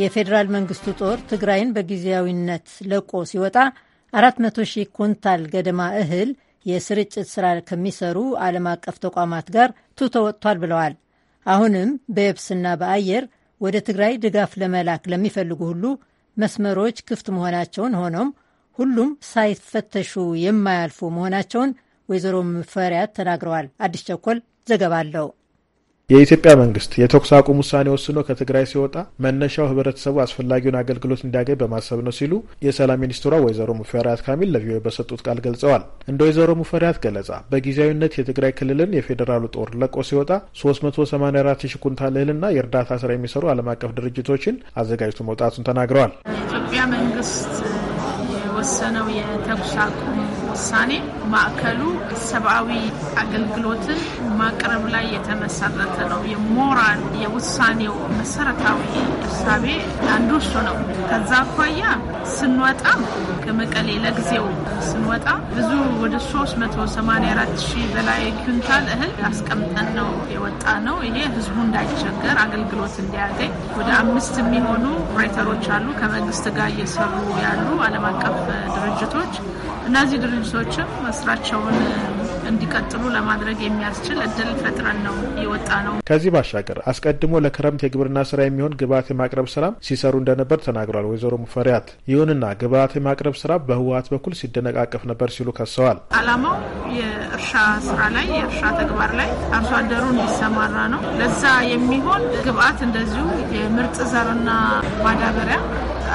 የፌዴራል መንግስቱ ጦር ትግራይን በጊዜያዊነት ለቆ ሲወጣ 400 ሺህ ኩንታል ገደማ እህል የስርጭት ሥራ ከሚሰሩ ዓለም አቀፍ ተቋማት ጋር ትቶ ወጥቷል ብለዋል። አሁንም በየብስና በአየር ወደ ትግራይ ድጋፍ ለመላክ ለሚፈልጉ ሁሉ መስመሮች ክፍት መሆናቸውን፣ ሆኖም ሁሉም ሳይፈተሹ የማያልፉ መሆናቸውን ወይዘሮ መፈሪያት ተናግረዋል። አዲስ ቸኮል ዘገባ አለው። የኢትዮጵያ መንግስት የተኩስ አቁም ውሳኔ ወስኖ ከትግራይ ሲወጣ መነሻው ህብረተሰቡ አስፈላጊውን አገልግሎት እንዲያገኝ በማሰብ ነው ሲሉ የሰላም ሚኒስትሯ ወይዘሮ ሙፈሪያት ካሚል ለቪኦኤ በሰጡት ቃል ገልጸዋል። እንደ ወይዘሮ ሙፈሪያት ገለጻ በጊዜያዊነት የትግራይ ክልልን የፌዴራሉ ጦር ለቆ ሲወጣ 384 ሺ ኩንታል እህልና የእርዳታ ስራ የሚሰሩ ዓለም አቀፍ ድርጅቶችን አዘጋጅቶ መውጣቱን ተናግረዋል። የኢትዮጵያ መንግስት የወሰነው የተኩስ አቁም ውሳኔ ማዕከሉ ሰብአዊ አገልግሎትን ማቅረብ ላይ የተመሰረተ ነው። የሞራል የውሳኔው መሰረታዊ እሳቤ አንዱ እሱ ነው። ከዛ አኳያ ስንወጣ ከመቀሌ ለጊዜው ስንወጣ ብዙ ወደ 384 ሺህ በላይ ኩንታል እህል አስቀምጠን ነው የወጣ ነው። ይሄ ህዝቡ እንዳይቸገር አገልግሎት እንዲያገኝ ወደ አምስት የሚሆኑ ራይተሮች አሉ ከመንግስት ጋር እየሰሩ ያሉ ዓለም አቀፍ ድርጅቶች እነዚህ ድርጅቶችም ስራቸውን እንዲቀጥሉ ለማድረግ የሚያስችል እድል ፈጥረን ነው የወጣ ነው። ከዚህ ባሻገር አስቀድሞ ለክረምት የግብርና ስራ የሚሆን ግብአት የማቅረብ ስራም ሲሰሩ እንደነበር ተናግሯል ወይዘሮ ሙፈሪያት። ይሁንና ግብአት የማቅረብ ስራ በህወሀት በኩል ሲደነቃቀፍ ነበር ሲሉ ከሰዋል። አላማው የእርሻ ስራ ላይ የእርሻ ተግባር ላይ አርሶ አደሩ እንዲሰማራ ነው። ለዛ የሚሆን ግብአት እንደዚሁ የምርጥ ዘርና ማዳበሪያ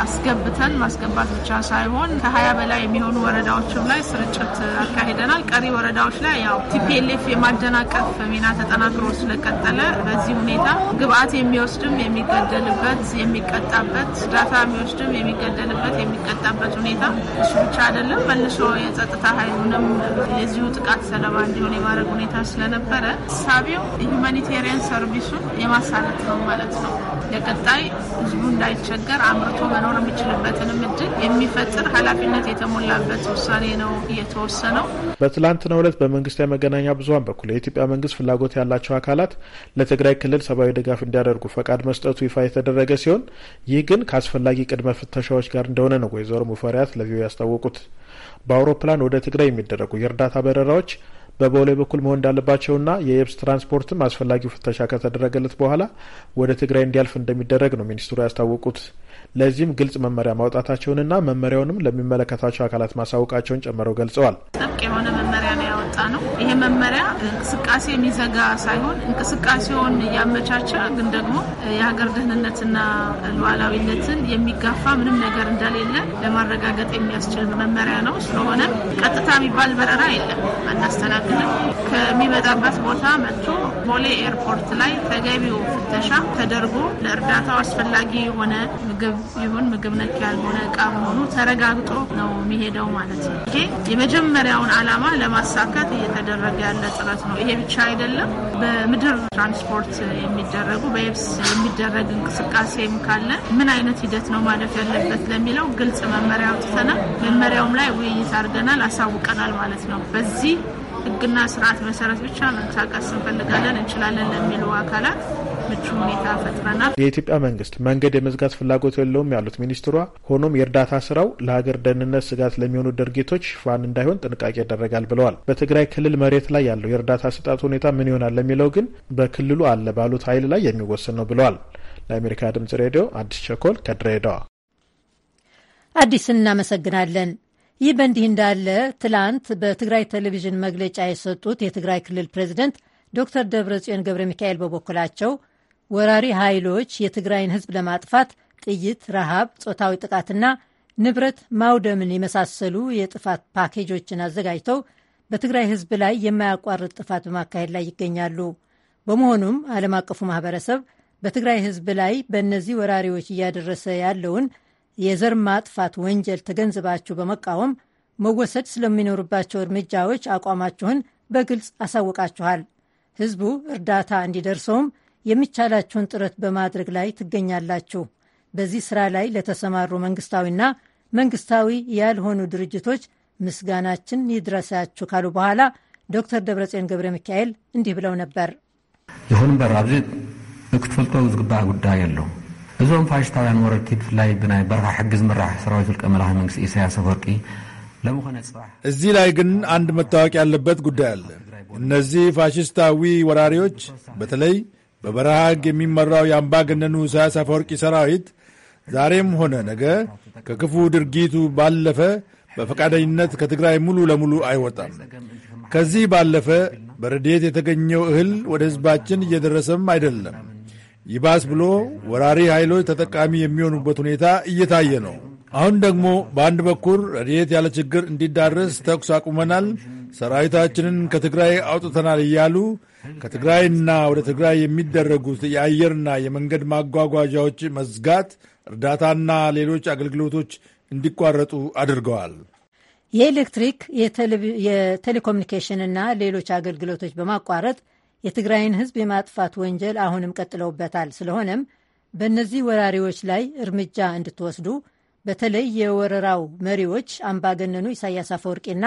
አስገብተን ማስገባት ብቻ ሳይሆን ከሀያ በላይ የሚሆኑ ወረዳዎችም ላይ ስርጭት አካሂደናል። ቀሪ ወረዳዎች ላይ ያው ቲፒኤልኤፍ የማደናቀፍ ሚና ተጠናክሮ ስለቀጠለ በዚህ ሁኔታ ግብአት የሚወስድም የሚገደልበት የሚቀጣበት፣ ዳታ የሚወስድም የሚገደልበት የሚቀጣበት ሁኔታ እሱ ብቻ አይደለም፣ መልሶ የጸጥታ ኃይሉንም የዚሁ ጥቃት ሰለባ እንዲሆን የማድረግ ሁኔታ ስለነበረ ሳቢው ሁማኒቴሪያን ሰርቪሱን የማሳለት ነው ማለት ነው። ለቀጣይ ህዝቡ እንዳይቸገር አምርቶ መ መኖር የምችልበትንም እድል የሚፈጥር ኃላፊነት የተሞላበት ውሳኔ ነው የተወሰነው። በትላንትናው ዕለት በመንግስታዊ መገናኛ ብዙኃን በኩል የኢትዮጵያ መንግስት ፍላጎት ያላቸው አካላት ለትግራይ ክልል ሰብአዊ ድጋፍ እንዲያደርጉ ፈቃድ መስጠቱ ይፋ የተደረገ ሲሆን ይህ ግን ከአስፈላጊ ቅድመ ፍተሻዎች ጋር እንደሆነ ነው ወይዘሮ ሙፈሪያት ለቪዮ ያስታወቁት። በአውሮፕላን ወደ ትግራይ የሚደረጉ የእርዳታ በረራዎች በቦሌ በኩል መሆን እንዳለባቸውና የየብስ ትራንስፖርትም አስፈላጊው ፍተሻ ከተደረገለት በኋላ ወደ ትግራይ እንዲያልፍ እንደሚደረግ ነው ሚኒስትሩ ያስታወቁት። ለዚህም ግልጽ መመሪያ ማውጣታቸውንና መመሪያውንም ለሚመለከታቸው አካላት ማሳወቃቸውን ጨምረው ገልጸዋል። ነው። ይሄ መመሪያ እንቅስቃሴ የሚዘጋ ሳይሆን እንቅስቃሴውን እያመቻቸ ግን ደግሞ የሀገር ደህንነትና ሉዓላዊነትን የሚጋፋ ምንም ነገር እንደሌለ ለማረጋገጥ የሚያስችል መመሪያ ነው። ስለሆነ ቀጥታ የሚባል በረራ የለም፣ አናስተናግድም። ከሚመጣበት ቦታ መጥቶ ቦሌ ኤርፖርት ላይ ተገቢው ፍተሻ ተደርጎ ለእርዳታው አስፈላጊ የሆነ ምግብ ይሁን ምግብ ነክ ያልሆነ እቃ መሆኑ ተረጋግጦ ነው የሚሄደው ማለት ነው። ይሄ የመጀመሪያውን ዓላማ ለማሳካት እየተደረገ ያለ ጥረት ነው። ይሄ ብቻ አይደለም። በምድር ትራንስፖርት የሚደረጉ በየብስ የሚደረግ እንቅስቃሴም ካለ ምን አይነት ሂደት ነው ማለፍ ያለበት ለሚለው ግልጽ መመሪያ አውጥተናል። መመሪያውም ላይ ውይይት አድርገናል፣ አሳውቀናል ማለት ነው። በዚህ ህግና ስርዓት መሰረት ብቻ መንቀሳቀስ እንፈልጋለን እንችላለን ለሚሉ አካላት ምቹ ሁኔታ ፈጥረናል። የኢትዮጵያ መንግስት መንገድ የመዝጋት ፍላጎት የለውም ያሉት ሚኒስትሯ፣ ሆኖም የእርዳታ ስራው ለሀገር ደህንነት ስጋት ለሚሆኑ ድርጊቶች ሽፋን እንዳይሆን ጥንቃቄ ይደረጋል ብለዋል። በትግራይ ክልል መሬት ላይ ያለው የእርዳታ ስጣት ሁኔታ ምን ይሆናል ለሚለው ግን በክልሉ አለ ባሉት ኃይል ላይ የሚወሰን ነው ብለዋል። ለአሜሪካ ድምጽ ሬዲዮ አዲስ ቸኮል ከድሬዳዋ። አዲስ እናመሰግናለን። ይህ በእንዲህ እንዳለ ትላንት በትግራይ ቴሌቪዥን መግለጫ የሰጡት የትግራይ ክልል ፕሬዚደንት ዶክተር ደብረ ጽዮን ገብረ ሚካኤል በበኩላቸው ወራሪ ኃይሎች የትግራይን ህዝብ ለማጥፋት ጥይት፣ ረሃብ፣ ጾታዊ ጥቃትና ንብረት ማውደምን የመሳሰሉ የጥፋት ፓኬጆችን አዘጋጅተው በትግራይ ህዝብ ላይ የማያቋርጥ ጥፋት በማካሄድ ላይ ይገኛሉ። በመሆኑም ዓለም አቀፉ ማህበረሰብ በትግራይ ህዝብ ላይ በእነዚህ ወራሪዎች እያደረሰ ያለውን የዘር ማጥፋት ወንጀል ተገንዝባችሁ በመቃወም መወሰድ ስለሚኖርባቸው እርምጃዎች አቋማችሁን በግልጽ አሳውቃችኋል። ህዝቡ እርዳታ እንዲደርሰውም የሚቻላችሁን ጥረት በማድረግ ላይ ትገኛላችሁ። በዚህ ስራ ላይ ለተሰማሩ መንግስታዊና መንግስታዊ ያልሆኑ ድርጅቶች ምስጋናችን ይድረሳችሁ ካሉ በኋላ ዶክተር ደብረጽዮን ገብረ ሚካኤል እንዲህ ብለው ነበር። ይሁን እምበር ኣብዚ ንክትፈልጦ ዝግባእ ጉዳይ ኣሎ እዞም ፋሽስታውያን ወረርቲ ብፍላይ ብናይ በረኻ ሕጊ ዝምራሕ ሰራዊት ውልቀ መላሒ መንግስቲ ኢሳያስ አፈወርቂ ለምኾነ ፅባሕ እዚህ ላይ ግን አንድ መታወቅ ያለበት ጉዳይ አለ። እነዚህ ፋሽስታዊ ወራሪዎች በተለይ በበረሃ ሕግ የሚመራው የአምባገነኑ ኢሳያስ አፈወርቂ ሰራዊት ዛሬም ሆነ ነገ ከክፉ ድርጊቱ ባለፈ በፈቃደኝነት ከትግራይ ሙሉ ለሙሉ አይወጣም። ከዚህ ባለፈ በረድኤት የተገኘው እህል ወደ ሕዝባችን እየደረሰም አይደለም። ይባስ ብሎ ወራሪ ኃይሎች ተጠቃሚ የሚሆኑበት ሁኔታ እየታየ ነው። አሁን ደግሞ በአንድ በኩል ረድኤት ያለ ችግር እንዲዳረስ ተኩስ አቁመናል፣ ሰራዊታችንን ከትግራይ አውጥተናል እያሉ ከትግራይና ወደ ትግራይ የሚደረጉት የአየርና የመንገድ ማጓጓዣዎች መዝጋት እርዳታና ሌሎች አገልግሎቶች እንዲቋረጡ አድርገዋል። የኤሌክትሪክ የቴሌኮሙኒኬሽንና ሌሎች አገልግሎቶች በማቋረጥ የትግራይን ሕዝብ የማጥፋት ወንጀል አሁንም ቀጥለውበታል። ስለሆነም በእነዚህ ወራሪዎች ላይ እርምጃ እንድትወስዱ በተለይ የወረራው መሪዎች አምባገነኑ ኢሳያስ አፈወርቂና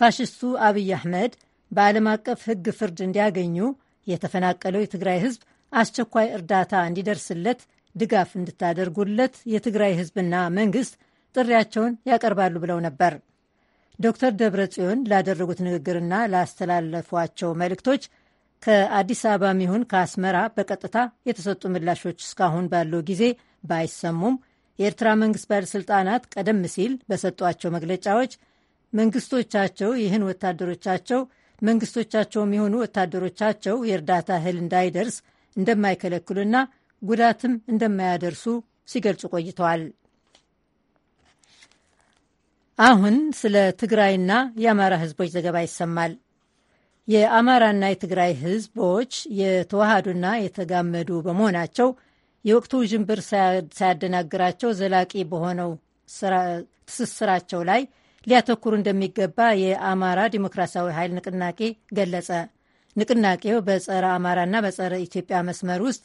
ፋሽስቱ አብይ አሕመድ በዓለም አቀፍ ሕግ ፍርድ እንዲያገኙ የተፈናቀለው የትግራይ ሕዝብ አስቸኳይ እርዳታ እንዲደርስለት ድጋፍ እንድታደርጉለት የትግራይ ሕዝብና መንግስት ጥሪያቸውን ያቀርባሉ ብለው ነበር። ዶክተር ደብረ ጽዮን ላደረጉት ንግግርና ላስተላለፏቸው መልእክቶች ከአዲስ አበባ ሚሆን ከአስመራ በቀጥታ የተሰጡ ምላሾች እስካሁን ባለው ጊዜ ባይሰሙም የኤርትራ መንግስት ባለሥልጣናት ቀደም ሲል በሰጧቸው መግለጫዎች መንግስቶቻቸው ይህን ወታደሮቻቸው መንግስቶቻቸውም የሆኑ ወታደሮቻቸው የእርዳታ እህል እንዳይደርስ እንደማይከለክሉና ጉዳትም እንደማያደርሱ ሲገልጹ ቆይተዋል። አሁን ስለ ትግራይና የአማራ ህዝቦች ዘገባ ይሰማል። የአማራና የትግራይ ህዝቦች የተዋሃዱና የተጋመዱ በመሆናቸው የወቅቱ ውዥንብር ሳያደናግራቸው ዘላቂ በሆነው ትስስራቸው ላይ ሊያተኩሩ እንደሚገባ የአማራ ዲሞክራሲያዊ ኃይል ንቅናቄ ገለጸ። ንቅናቄው በጸረ አማራና በጸረ ኢትዮጵያ መስመር ውስጥ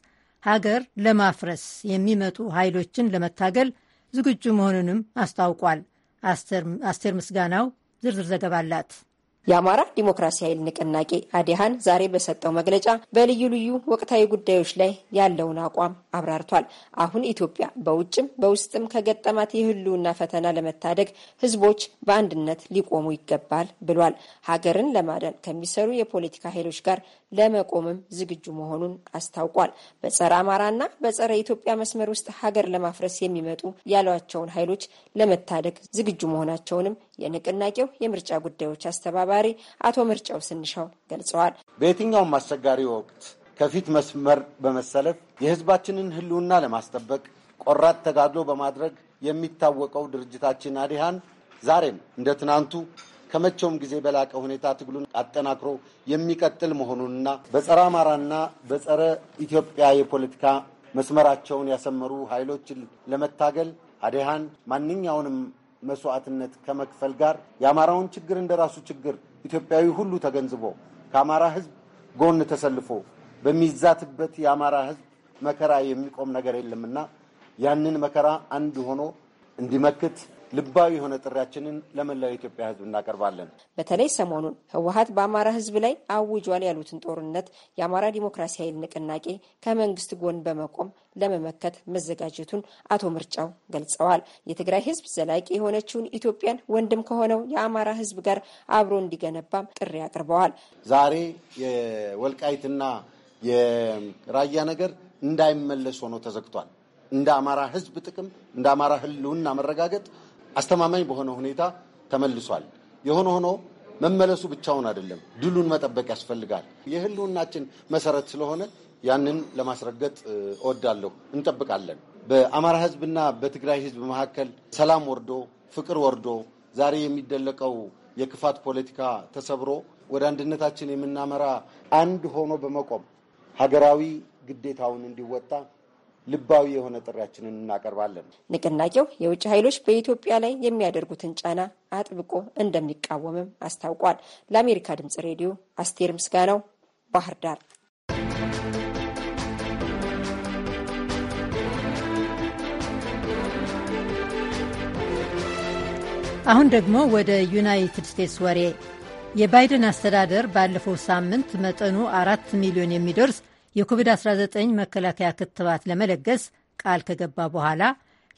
ሀገር ለማፍረስ የሚመጡ ኃይሎችን ለመታገል ዝግጁ መሆኑንም አስታውቋል። አስቴር ምስጋናው ዝርዝር ዘገባ አላት። የአማራ ዲሞክራሲ ኃይል ንቅናቄ አዲሃን ዛሬ በሰጠው መግለጫ በልዩ ልዩ ወቅታዊ ጉዳዮች ላይ ያለውን አቋም አብራርቷል። አሁን ኢትዮጵያ በውጭም በውስጥም ከገጠማት የህልውና ፈተና ለመታደግ ህዝቦች በአንድነት ሊቆሙ ይገባል ብሏል። ሀገርን ለማዳን ከሚሰሩ የፖለቲካ ኃይሎች ጋር ለመቆምም ዝግጁ መሆኑን አስታውቋል። በጸረ አማራና በጸረ ኢትዮጵያ መስመር ውስጥ ሀገር ለማፍረስ የሚመጡ ያሏቸውን ኃይሎች ለመታደግ ዝግጁ መሆናቸውንም የንቅናቄው የምርጫ ጉዳዮች አስተባባሪ አቶ ምርጫው ስንሻው ገልጸዋል። በየትኛውም አስቸጋሪ ወቅት ከፊት መስመር በመሰለፍ የህዝባችንን ህልውና ለማስጠበቅ ቆራጥ ተጋድሎ በማድረግ የሚታወቀው ድርጅታችን አዲሃን ዛሬም እንደ ትናንቱ ከመቼውም ጊዜ በላቀ ሁኔታ ትግሉን አጠናክሮ የሚቀጥል መሆኑንና በጸረ አማራና በጸረ ኢትዮጵያ የፖለቲካ መስመራቸውን ያሰመሩ ኃይሎችን ለመታገል አዴሃን ማንኛውንም መስዋዕትነት ከመክፈል ጋር የአማራውን ችግር እንደ ራሱ ችግር ኢትዮጵያዊ ሁሉ ተገንዝቦ ከአማራ ሕዝብ ጎን ተሰልፎ በሚዛትበት የአማራ ሕዝብ መከራ የሚቆም ነገር የለምና ያንን መከራ አንድ ሆኖ እንዲመክት ልባዊ የሆነ ጥሪያችንን ለመላው የኢትዮጵያ ሕዝብ እናቀርባለን። በተለይ ሰሞኑን ህወሀት በአማራ ሕዝብ ላይ አውጇል ያሉትን ጦርነት የአማራ ዲሞክራሲ ኃይል ንቅናቄ ከመንግስት ጎን በመቆም ለመመከት መዘጋጀቱን አቶ ምርጫው ገልጸዋል። የትግራይ ሕዝብ ዘላቂ የሆነችውን ኢትዮጵያን ወንድም ከሆነው የአማራ ሕዝብ ጋር አብሮ እንዲገነባም ጥሪ አቅርበዋል። ዛሬ የወልቃይትና የራያ ነገር እንዳይመለስ ሆኖ ተዘግቷል። እንደ አማራ ህዝብ ጥቅም እንደ አማራ ህልውና መረጋገጥ አስተማማኝ በሆነ ሁኔታ ተመልሷል። የሆነ ሆኖ መመለሱ ብቻውን አይደለም፣ ድሉን መጠበቅ ያስፈልጋል። የህልውናችን መሰረት ስለሆነ ያንን ለማስረገጥ እወዳለሁ። እንጠብቃለን። በአማራ ህዝብና በትግራይ ህዝብ መካከል ሰላም ወርዶ ፍቅር ወርዶ ዛሬ የሚደለቀው የክፋት ፖለቲካ ተሰብሮ ወደ አንድነታችን የምናመራ አንድ ሆኖ በመቆም ሀገራዊ ግዴታውን እንዲወጣ ልባዊ የሆነ ጥሪያችንን እናቀርባለን። ንቅናቄው የውጭ ኃይሎች በኢትዮጵያ ላይ የሚያደርጉትን ጫና አጥብቆ እንደሚቃወምም አስታውቋል። ለአሜሪካ ድምጽ ሬዲዮ አስቴር ምስጋናው ባህር ዳር። አሁን ደግሞ ወደ ዩናይትድ ስቴትስ ወሬ። የባይደን አስተዳደር ባለፈው ሳምንት መጠኑ አራት ሚሊዮን የሚደርስ የኮቪድ-19 መከላከያ ክትባት ለመለገስ ቃል ከገባ በኋላ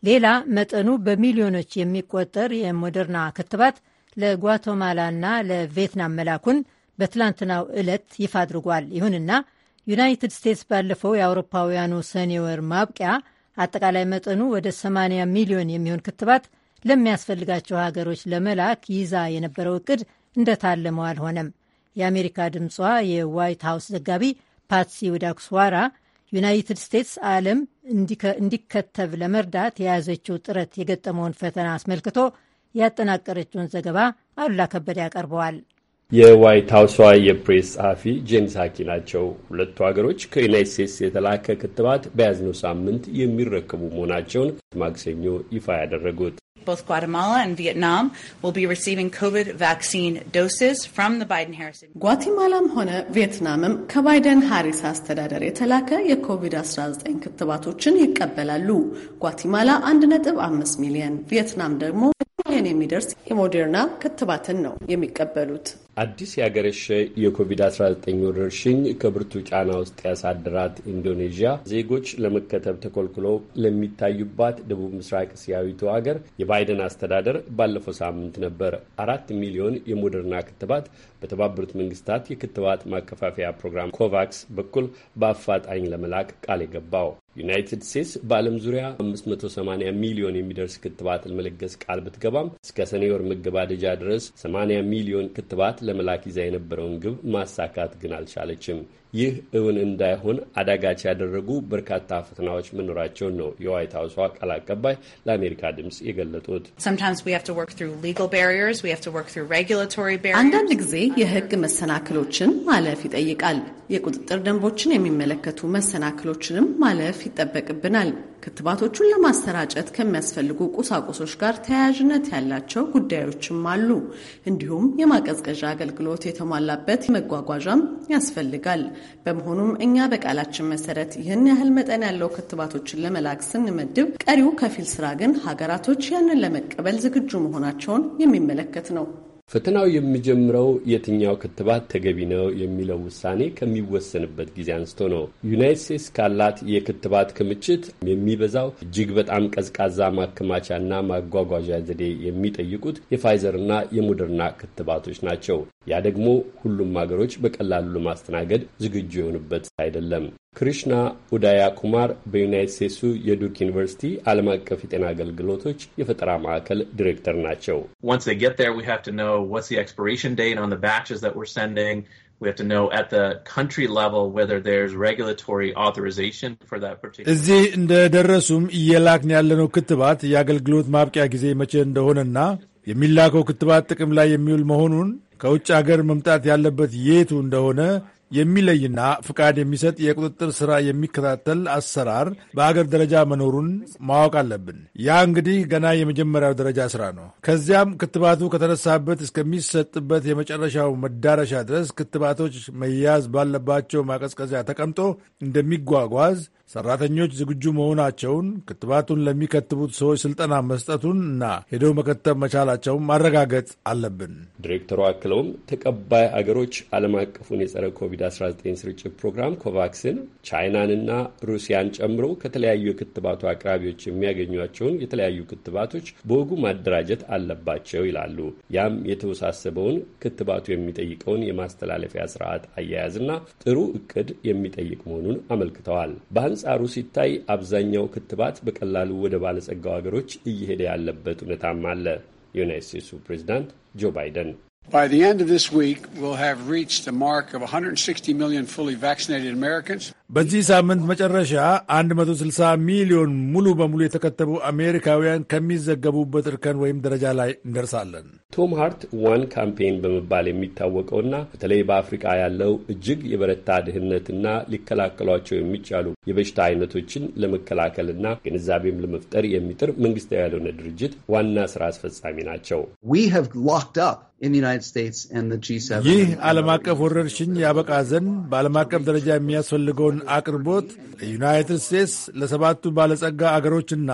ሌላ መጠኑ በሚሊዮኖች የሚቆጠር የሞደርና ክትባት ለጓቴማላና ለቪየትናም መላኩን በትላንትናው ዕለት ይፋ አድርጓል። ይሁንና ዩናይትድ ስቴትስ ባለፈው የአውሮፓውያኑ ሰኔ ወር ማብቂያ አጠቃላይ መጠኑ ወደ 80 ሚሊዮን የሚሆን ክትባት ለሚያስፈልጋቸው ሀገሮች ለመላክ ይዛ የነበረው እቅድ እንደታለመው አልሆነም። የአሜሪካ ድምጿ የዋይት ሀውስ ዘጋቢ ፓትሲ ወደ አክስዋራ ዩናይትድ ስቴትስ ዓለም እንዲከተብ ለመርዳት የያዘችው ጥረት የገጠመውን ፈተና አስመልክቶ ያጠናቀረችውን ዘገባ አሉላ ከበደ ያቀርበዋል። የዋይት ሀውሷ የፕሬስ ጸሐፊ ጄን ሀኪ ናቸው። ሁለቱ ሀገሮች ከዩናይት ስቴትስ የተላከ ክትባት በያዝነው ሳምንት የሚረከቡ መሆናቸውን ማክሰኞ ይፋ ያደረጉት ጓቲማላም ሆነ ቪየትናምም ከባይደን ሃሪስ አስተዳደር የተላከ የኮቪድ-19 ክትባቶችን ይቀበላሉ። ጓቲማላ 1.5 ሚሊየን ቪየትናም ደግሞ ሚሊዮን የሚደርስ የሞዴርና ክትባትን ነው የሚቀበሉት። አዲስ ያገረሸ የኮቪድ-19 ወረርሽኝ ከብርቱ ጫና ውስጥ ያሳደራት ኢንዶኔዥያ ዜጎች ለመከተብ ተኮልኩለው ለሚታዩባት ደቡብ ምስራቅ እስያዊቱ ሀገር የባይደን አስተዳደር ባለፈው ሳምንት ነበር አራት ሚሊዮን የሞደርና ክትባት በተባበሩት መንግስታት የክትባት ማከፋፈያ ፕሮግራም ኮቫክስ በኩል በአፋጣኝ ለመላክ ቃል የገባው። ዩናይትድ ስቴትስ በዓለም ዙሪያ 580 ሚሊዮን የሚደርስ ክትባት ለመለገስ ቃል ብትገባም እስከ ሰኔ ወር መገባደጃ ድረስ 80 ሚሊዮን ክትባት ለመላክ ይዛ የነበረውን ግብ ማሳካት ግን አልቻለችም። ይህ እውን እንዳይሆን አዳጋች ያደረጉ በርካታ ፈተናዎች መኖራቸውን ነው የዋይት ሀውሷ ቃል አቀባይ ለአሜሪካ ድምፅ የገለጡት። አንዳንድ ጊዜ የህግ መሰናክሎችን ማለፍ ይጠይቃል። የቁጥጥር ደንቦችን የሚመለከቱ መሰናክሎችንም ማለፍ ይጠበቅብናል። ክትባቶቹን ለማሰራጨት ከሚያስፈልጉ ቁሳቁሶች ጋር ተያያዥነት ያላቸው ጉዳዮችም አሉ። እንዲሁም የማቀዝቀዣ አገልግሎት የተሟላበት መጓጓዣም ያስፈልጋል። በመሆኑም እኛ በቃላችን መሰረት ይህን ያህል መጠን ያለው ክትባቶችን ለመላክ ስንመድብ፣ ቀሪው ከፊል ስራ ግን ሀገራቶች ያንን ለመቀበል ዝግጁ መሆናቸውን የሚመለከት ነው። ፈተናው የሚጀምረው የትኛው ክትባት ተገቢ ነው የሚለው ውሳኔ ከሚወሰንበት ጊዜ አንስቶ ነው። ዩናይት ስቴትስ ካላት የክትባት ክምችት የሚበዛው እጅግ በጣም ቀዝቃዛ ማከማቻና ማጓጓዣ ዘዴ የሚጠይቁት የፋይዘርና የሞደርና ክትባቶች ናቸው። ያ ደግሞ ሁሉም ሀገሮች በቀላሉ ለማስተናገድ ዝግጁ የሆኑበት አይደለም። ክሪሽና ኡዳያ ኩማር በዩናይት ስቴትሱ የዱክ ዩኒቨርሲቲ ዓለም አቀፍ የጤና አገልግሎቶች የፈጠራ ማዕከል ዲሬክተር ናቸው። እዚህ እንደደረሱም እየላክን ያለነው ክትባት የአገልግሎት ማብቂያ ጊዜ መቼ እንደሆነና የሚላከው ክትባት ጥቅም ላይ የሚውል መሆኑን ከውጭ አገር መምጣት ያለበት የቱ እንደሆነ የሚለይና ፍቃድ የሚሰጥ የቁጥጥር ስራ የሚከታተል አሰራር በአገር ደረጃ መኖሩን ማወቅ አለብን። ያ እንግዲህ ገና የመጀመሪያው ደረጃ ስራ ነው። ከዚያም ክትባቱ ከተነሳበት እስከሚሰጥበት የመጨረሻው መዳረሻ ድረስ ክትባቶች መያዝ ባለባቸው ማቀዝቀዣ ተቀምጦ እንደሚጓጓዝ ሰራተኞች ዝግጁ መሆናቸውን፣ ክትባቱን ለሚከትቡት ሰዎች ስልጠና መስጠቱን እና ሄደው መከተብ መቻላቸውን ማረጋገጥ አለብን። ዲሬክተሩ አክለውም ተቀባይ አገሮች ዓለም አቀፉን የጸረ ኮቪድ-19 ስርጭት ፕሮግራም ኮቫክስን፣ ቻይናንና ሩሲያን ጨምሮ ከተለያዩ የክትባቱ አቅራቢዎች የሚያገኟቸውን የተለያዩ ክትባቶች በወጉ ማደራጀት አለባቸው ይላሉ። ያም የተወሳሰበውን ክትባቱ የሚጠይቀውን የማስተላለፊያ ስርዓት አያያዝና ጥሩ እቅድ የሚጠይቅ መሆኑን አመልክተዋል። በአንጻሩ ሲታይ አብዛኛው ክትባት በቀላሉ ወደ ባለጸጋው ሀገሮች እየሄደ ያለበት እውነታም አለ። የዩናይት ስቴትሱ ፕሬዚዳንት ጆ ባይደን By the end of this week, we'll have reached the mark of 160 million fully vaccinated Americans. በዚህ ሳምንት መጨረሻ 160 ሚሊዮን ሙሉ በሙሉ የተከተቡ አሜሪካውያን ከሚዘገቡበት እርከን ወይም ደረጃ ላይ እንደርሳለን። ቶም ሃርት ዋን ካምፔን በመባል የሚታወቀውና በተለይ በአፍሪቃ ያለው እጅግ የበረታ ድህነትና ሊከላከሏቸው የሚቻሉ የበሽታ አይነቶችን ለመከላከልና ግንዛቤም ለመፍጠር የሚጥር መንግስታዊ ያልሆነ ድርጅት ዋና ስራ አስፈጻሚ ናቸው። ይህ ዓለም አቀፍ ወረርሽኝ ያበቃ ዘንድ በዓለም አቀፍ ደረጃ የሚያስፈልገውን አቅርቦት ለዩናይትድ ስቴትስ ለሰባቱ ባለጸጋ አገሮችና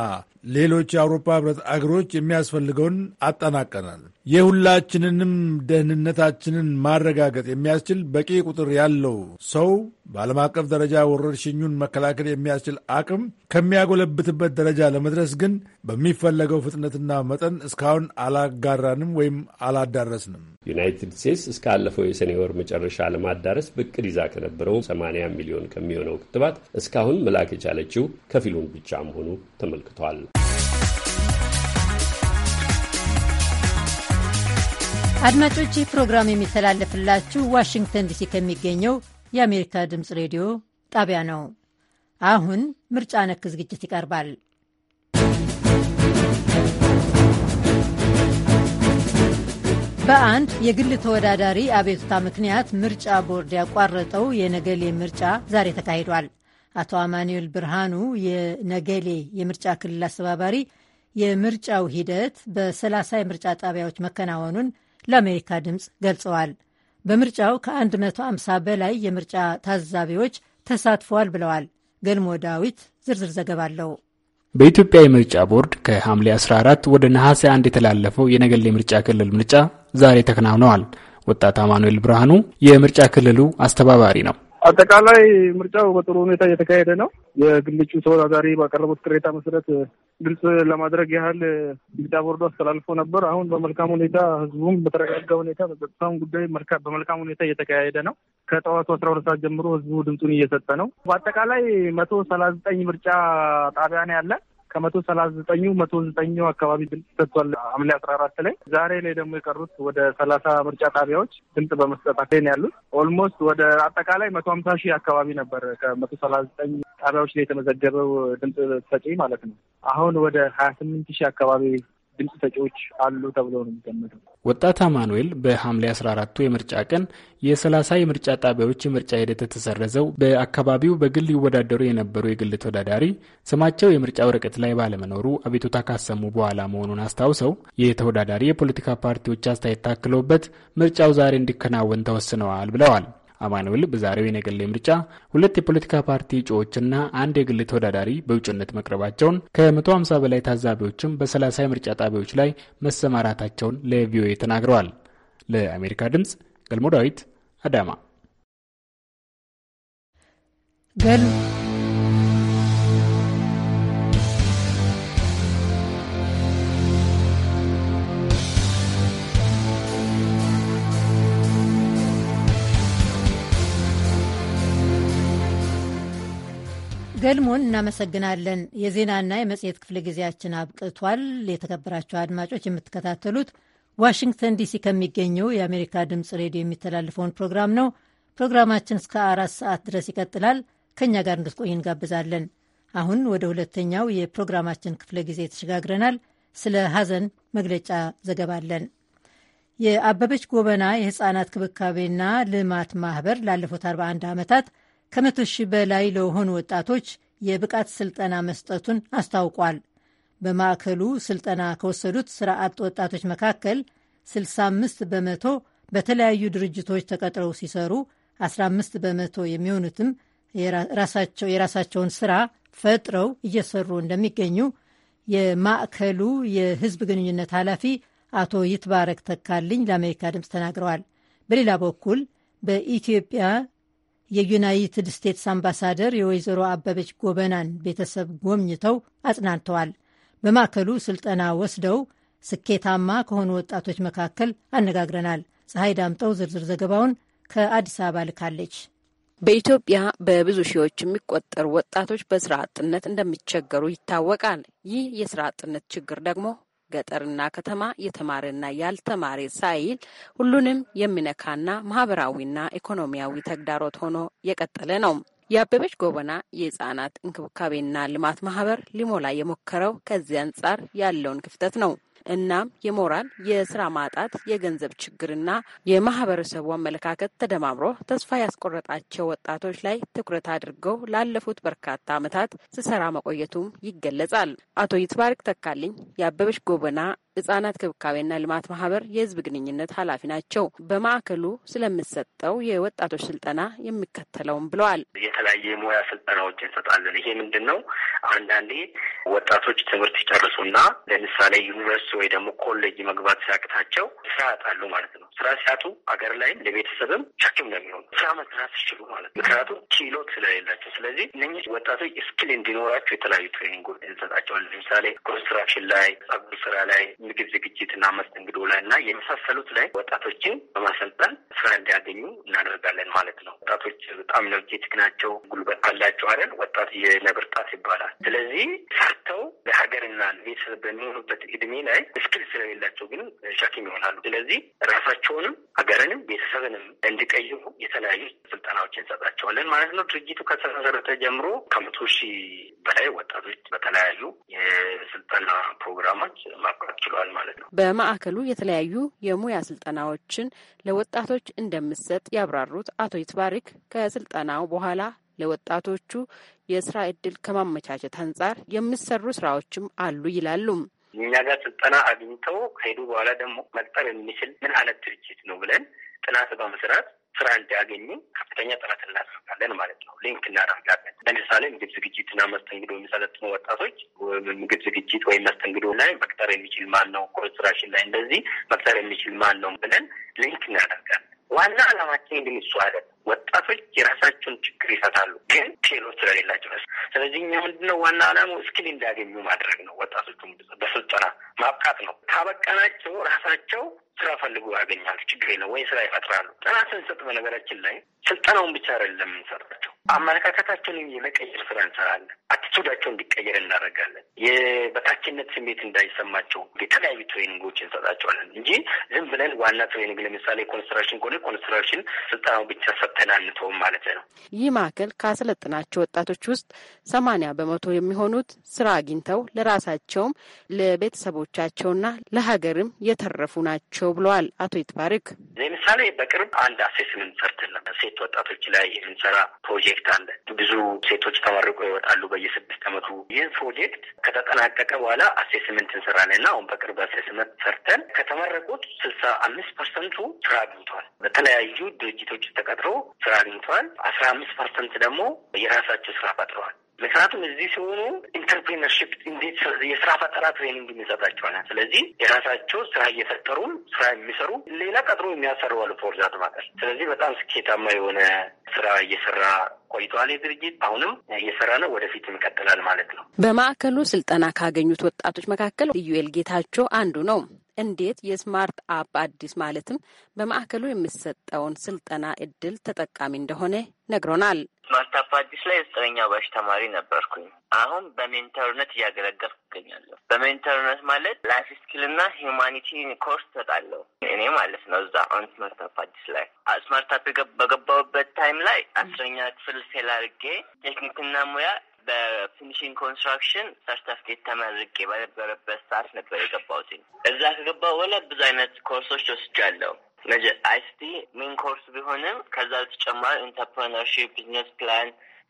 ሌሎች የአውሮፓ ህብረት አገሮች የሚያስፈልገውን አጠናቀናል። የሁላችንንም ደህንነታችንን ማረጋገጥ የሚያስችል በቂ ቁጥር ያለው ሰው በዓለም አቀፍ ደረጃ ወረርሽኙን መከላከል የሚያስችል አቅም ከሚያጎለብትበት ደረጃ ለመድረስ ግን በሚፈለገው ፍጥነትና መጠን እስካሁን አላጋራንም ወይም አላዳረስንም። ዩናይትድ ስቴትስ እስካለፈው የሰኔ ወር መጨረሻ ለማዳረስ ብቅድ ይዛ ከነበረው 80 ሚሊዮን ከሚሆነው ክትባት እስካሁን መላክ የቻለችው ከፊሉን ብቻ መሆኑ ተመልክቷል። አድማጮች ይህ ፕሮግራም የሚተላለፍላችሁ ዋሽንግተን ዲሲ ከሚገኘው የአሜሪካ ድምፅ ሬዲዮ ጣቢያ ነው። አሁን ምርጫ ነክ ዝግጅት ይቀርባል። በአንድ የግል ተወዳዳሪ አቤቱታ ምክንያት ምርጫ ቦርድ ያቋረጠው የነገሌ ምርጫ ዛሬ ተካሂዷል። አቶ አማኑኤል ብርሃኑ የነገሌ የምርጫ ክልል አስተባባሪ የምርጫው ሂደት በ30 የምርጫ ጣቢያዎች መከናወኑን ለአሜሪካ ድምፅ ገልጸዋል። በምርጫው ከ150 በላይ የምርጫ ታዛቢዎች ተሳትፈዋል ብለዋል። ገልሞ ዳዊት ዝርዝር ዘገባ አለው። በኢትዮጵያ የምርጫ ቦርድ ከሐምሌ 14 ወደ ነሐሴ 1 የተላለፈው የነገሌ ምርጫ ክልል ምርጫ ዛሬ ተከናውነዋል። ወጣት አማኑኤል ብርሃኑ የምርጫ ክልሉ አስተባባሪ ነው። አጠቃላይ ምርጫው በጥሩ ሁኔታ እየተካሄደ ነው። የግልጩ ተወዳዳሪ ባቀረቡት ቅሬታ መሰረት ግልጽ ለማድረግ ያህል ምርጫ ቦርዶ አስተላልፎ ነበር። አሁን በመልካም ሁኔታ ህዝቡም በተረጋጋ ሁኔታ በጸጥታውን ጉዳይ በመልካም ሁኔታ እየተካሄደ ነው። ከጠዋቱ አስራ ሁለት ሰዓት ጀምሮ ህዝቡ ድምፁን እየሰጠ ነው። በአጠቃላይ መቶ ሰላሳ ዘጠኝ ምርጫ ጣቢያ ነው ያለ ከመቶ ሰላሳ ዘጠኙ መቶ ዘጠኙ አካባቢ ድምጽ ሰጥቷል ሐምሌ አስራ አራት ላይ። ዛሬ ላይ ደግሞ የቀሩት ወደ ሰላሳ ምርጫ ጣቢያዎች ድምጽ በመስጠት አካባቢ ያሉት ኦልሞስት ወደ አጠቃላይ መቶ ሀምሳ ሺህ አካባቢ ነበር ከመቶ ሰላሳ ዘጠኝ ጣቢያዎች ላይ የተመዘገበው ድምጽ ሰጪ ማለት ነው። አሁን ወደ ሀያ ስምንት ሺህ አካባቢ ድምፅ ሰጪዎች አሉ ተብሎ ነው የሚገመተው። ወጣት አማኑኤል በሐምሌ 14ቱ የምርጫ ቀን የሰላሳ የምርጫ ጣቢያዎች የምርጫ ሂደት የተሰረዘው በአካባቢው በግል ሊወዳደሩ የነበሩ የግል ተወዳዳሪ ስማቸው የምርጫ ወረቀት ላይ ባለመኖሩ አቤቱታ ካሰሙ በኋላ መሆኑን አስታውሰው የተወዳዳሪ የፖለቲካ ፓርቲዎች አስተያየት ታክለውበት ምርጫው ዛሬ እንዲከናወን ተወስነዋል ብለዋል። አማኑኤል በዛሬው የነገሌ ምርጫ ሁለት የፖለቲካ ፓርቲ እጩዎችና አንድ የግል ተወዳዳሪ በውጭነት መቅረባቸውን ከ150 በላይ ታዛቢዎችም በ30 የምርጫ ጣቢያዎች ላይ መሰማራታቸውን ለቪኦኤ ተናግረዋል። ለአሜሪካ ድምፅ ገልሞ ዳዊት አዳማ ገልሞን እናመሰግናለን። የዜናና የመጽሔት ክፍለ ጊዜያችን አብቅቷል። የተከበራቸው አድማጮች የምትከታተሉት ዋሽንግተን ዲሲ ከሚገኘው የአሜሪካ ድምፅ ሬዲዮ የሚተላለፈውን ፕሮግራም ነው። ፕሮግራማችን እስከ አራት ሰዓት ድረስ ይቀጥላል። ከእኛ ጋር እንድትቆይ እንጋብዛለን። አሁን ወደ ሁለተኛው የፕሮግራማችን ክፍለ ጊዜ ተሸጋግረናል። ስለ ሐዘን መግለጫ ዘገባለን። የአበበች ጎበና የሕፃናት ክብካቤና ልማት ማህበር ላለፉት 41 ዓመታት ከመቶ ሺህ በላይ ለሆኑ ወጣቶች የብቃት ስልጠና መስጠቱን አስታውቋል። በማዕከሉ ስልጠና ከወሰዱት ስራ አጥ ወጣቶች መካከል 65 በመቶ በተለያዩ ድርጅቶች ተቀጥረው ሲሰሩ 15 በመቶ የሚሆኑትም የራሳቸውን ስራ ፈጥረው እየሰሩ እንደሚገኙ የማዕከሉ የሕዝብ ግንኙነት ኃላፊ አቶ ይትባረክ ተካልኝ ለአሜሪካ ድምፅ ተናግረዋል። በሌላ በኩል በኢትዮጵያ የዩናይትድ ስቴትስ አምባሳደር የወይዘሮ አበበች ጎበናን ቤተሰብ ጎብኝተው አጽናንተዋል። በማዕከሉ ስልጠና ወስደው ስኬታማ ከሆኑ ወጣቶች መካከል አነጋግረናል። ፀሐይ ዳምጠው ዝርዝር ዘገባውን ከአዲስ አበባ ልካለች። በኢትዮጵያ በብዙ ሺዎች የሚቆጠሩ ወጣቶች በስራ አጥነት እንደሚቸገሩ ይታወቃል። ይህ የስራ አጥነት ችግር ደግሞ ገጠርና ከተማ የተማረና ያልተማረ ሳይል ሁሉንም የሚነካና ማህበራዊና ኢኮኖሚያዊ ተግዳሮት ሆኖ የቀጠለ ነው። የአበበች ጎበና የህጻናት እንክብካቤና ልማት ማህበር ሊሞላ የሞከረው ከዚህ አንጻር ያለውን ክፍተት ነው። እናም የሞራል የስራ ማጣት፣ የገንዘብ ችግርና የማህበረሰቡ አመለካከት ተደማምሮ ተስፋ ያስቆረጣቸው ወጣቶች ላይ ትኩረት አድርገው ላለፉት በርካታ አመታት ስሰራ መቆየቱም ይገለጻል። አቶ ይትባርክ ተካልኝ የአበበሽ ጎበና ህጻናት ክብካቤና ልማት ማህበር የህዝብ ግንኙነት ኃላፊ ናቸው። በማዕከሉ ስለምሰጠው የወጣቶች ስልጠና የሚከተለውም ብለዋል። የተለያየ የሙያ ስልጠናዎች እንሰጣለን። ይሄ ምንድን ነው? አንዳንዴ ወጣቶች ትምህርት ይጨርሱና ለምሳሌ ዩኒቨርስቲ ወይ ደግሞ ኮሌጅ መግባት ሲያቅታቸው ስራ ያጣሉ ማለት ነው። ስራ ሲያጡ አገር ላይም ለቤተሰብም ሸክም ነው የሚሆኑ ስራ መስራት ይችሉ ማለት ምክንያቱም ችሎት ስለሌላቸው። ስለዚህ እነኚህ ወጣቶች ስኪል እንዲኖራቸው የተለያዩ ትሬኒንጎች እንሰጣቸዋለን። ለምሳሌ ኮንስትራክሽን ላይ፣ ጸጉር ስራ ላይ ምግብ ዝግጅትና መስተንግዶ ላይ እና የመሳሰሉት ላይ ወጣቶችን በማሰልጠን ስራ እንዲያገኙ እናደርጋለን ማለት ነው። ወጣቶች በጣም ኢነርጄቲክ ናቸው፣ ጉልበት አላቸው አይደል? ወጣት የነብር ጣት ይባላል። ስለዚህ ሰርተው ለሀገርና ቤተሰብ በሚሆኑበት እድሜ ላይ ስኪል ስለሌላቸው ግን ሸክም ይሆናሉ። ስለዚህ ራሳቸውንም ሀገርንም ቤተሰብንም እንዲቀይሩ የተለያዩ ስልጠናዎች እንሰጣቸዋለን ማለት ነው። ድርጅቱ ከተመሰረተ ጀምሮ ከመቶ ሺህ በላይ ወጣቶች በተለያዩ የስልጠና ፕሮግራሞች ማብቃት ችሏል። ችሏል ማለት ነው። በማዕከሉ የተለያዩ የሙያ ስልጠናዎችን ለወጣቶች እንደምሰጥ ያብራሩት አቶ ይትባሪክ ከስልጠናው በኋላ ለወጣቶቹ የስራ እድል ከማመቻቸት አንጻር የሚሰሩ ስራዎችም አሉ ይላሉ። እኛ ጋር ስልጠና አግኝተው ከሄዱ በኋላ ደግሞ መቅጠር የሚችል ምን አይነት ድርጅት ነው ብለን ጥናት በመስራት ስራ እንዲያገኙ ከፍተኛ ጥረት እናደርጋለን ማለት ነው። ሊንክ እናደርጋለን። ለምሳሌ ምግብ ዝግጅትና መስተንግዶ የሚሰለጥኑ ወጣቶች ምግብ ዝግጅት ወይም መስተንግዶ ላይ መቅጠር የሚችል ማን ነው፣ ኮንስትራክሽን ላይ እንደዚህ መቅጠር የሚችል ማን ነው ብለን ሊንክ እናደርጋለን። ዋና አላማችን ግን እሱ አይደለም። ወጣቶች የራሳቸውን ችግር ይፈታሉ፣ ግን ቴሎች ስለሌላቸው ነው። ስለዚህ እኛ ምንድነው ዋና አላማው እስኪል እንዲያገኙ ማድረግ ነው። ወጣቶቹ በስልጠና ማብቃት ነው። ካበቃናቸው ራሳቸው ስራ ፈልጎ ያገኛሉ። ችግር የለም ወይ ስራ ይፈጥራሉ። ጥና ስንሰጥ በነገራችን ላይ ስልጠናውን ብቻ አይደለም የምንሰጣቸው፣ አመለካከታቸውን የመቀየር ስራ እንሰራለን። አቲቱዳቸው እንዲቀየር እናደርጋለን። የበታችነት ስሜት እንዳይሰማቸው የተለያዩ ትሬኒንጎች እንሰጣቸዋለን እንጂ ዝም ብለን ዋና ትሬኒንግ ለምሳሌ ኮንስትራክሽን ከሆነ ኮንስትራክሽን ስልጠናው ብቻ ሰጥ አተናንተውም ማለት ነው። ይህ ማዕከል ካሰለጥናቸው ወጣቶች ውስጥ ሰማኒያ በመቶ የሚሆኑት ስራ አግኝተው ለራሳቸውም ለቤተሰቦቻቸውና ለሀገርም የተረፉ ናቸው ብለዋል አቶ ይትባርክ። ለምሳሌ በቅርብ አንድ አሴስመንት ሰርተን ሴት ወጣቶች ላይ የምንሰራ ፕሮጀክት አለ። ብዙ ሴቶች ተመርቆ ይወጣሉ በየስድስት አመቱ። ይህ ፕሮጀክት ከተጠናቀቀ በኋላ አሴስመንት እንሰራለን እና አሁን በቅርብ አሴስመንት ሰርተን ከተመረቁት ስልሳ አምስት ፐርሰንቱ ስራ አግኝቷል። በተለያዩ ድርጅቶች ተቀጥሮ ስራ አግኝተዋል። አስራ አምስት ፐርሰንት ደግሞ የራሳቸው ስራ ፈጥረዋል። ምክንያቱም እዚህ ሲሆኑ ኢንተርፕሪነርሽፕ እንዴት የስራ ፈጠራ ትሬኒንግ የሚሰጣቸዋል። ስለዚህ የራሳቸው ስራ እየፈጠሩ ስራ የሚሰሩ ሌላ ቀጥሮ የሚያሰሩ አሉ ፎርዛት ማቀል። ስለዚህ በጣም ስኬታማ የሆነ ስራ እየሰራ ቆይተዋል። የድርጅት አሁንም እየሰራ ነው፣ ወደፊት ይቀጥላል ማለት ነው። በማዕከሉ ስልጠና ካገኙት ወጣቶች መካከል ኢዩኤል ጌታቸው አንዱ ነው። እንዴት የስማርት አፕ አዲስ ማለትም በማዕከሉ የሚሰጠውን ስልጠና እድል ተጠቃሚ እንደሆነ ነግሮናል። ስማርት አፕ አዲስ ላይ ዘጠነኛ ባሽ ተማሪ ነበርኩኝ። አሁን በሜንተርነት እያገለገልኩ ይገኛለሁ። በሜንተርነት ማለት ላይፍ ስኪልና ሂማኒቲ ኮርስ እሰጣለሁ እኔ ማለት ነው። እዛ አሁን ስማርት አፕ አዲስ ላይ ስማርት አፕ በገባሁበት ታይም ላይ አስረኛ ክፍል ፌል አድርጌ ቴክኒክና ሙያ በፊኒሽንግ ኮንስትራክሽን ሰርተፍኬት ተመርቄ በነበረበት ሰዓት ነበር የገባሁት። እዛ ከገባ በኋላ ብዙ አይነት ኮርሶች ወስጃለሁ። አይሲቲ ሜን ኮርስ ቢሆንም ከዛ በተጨማሪ ኢንተርፕረነርሺፕ፣ ቢዝነስ ፕላን፣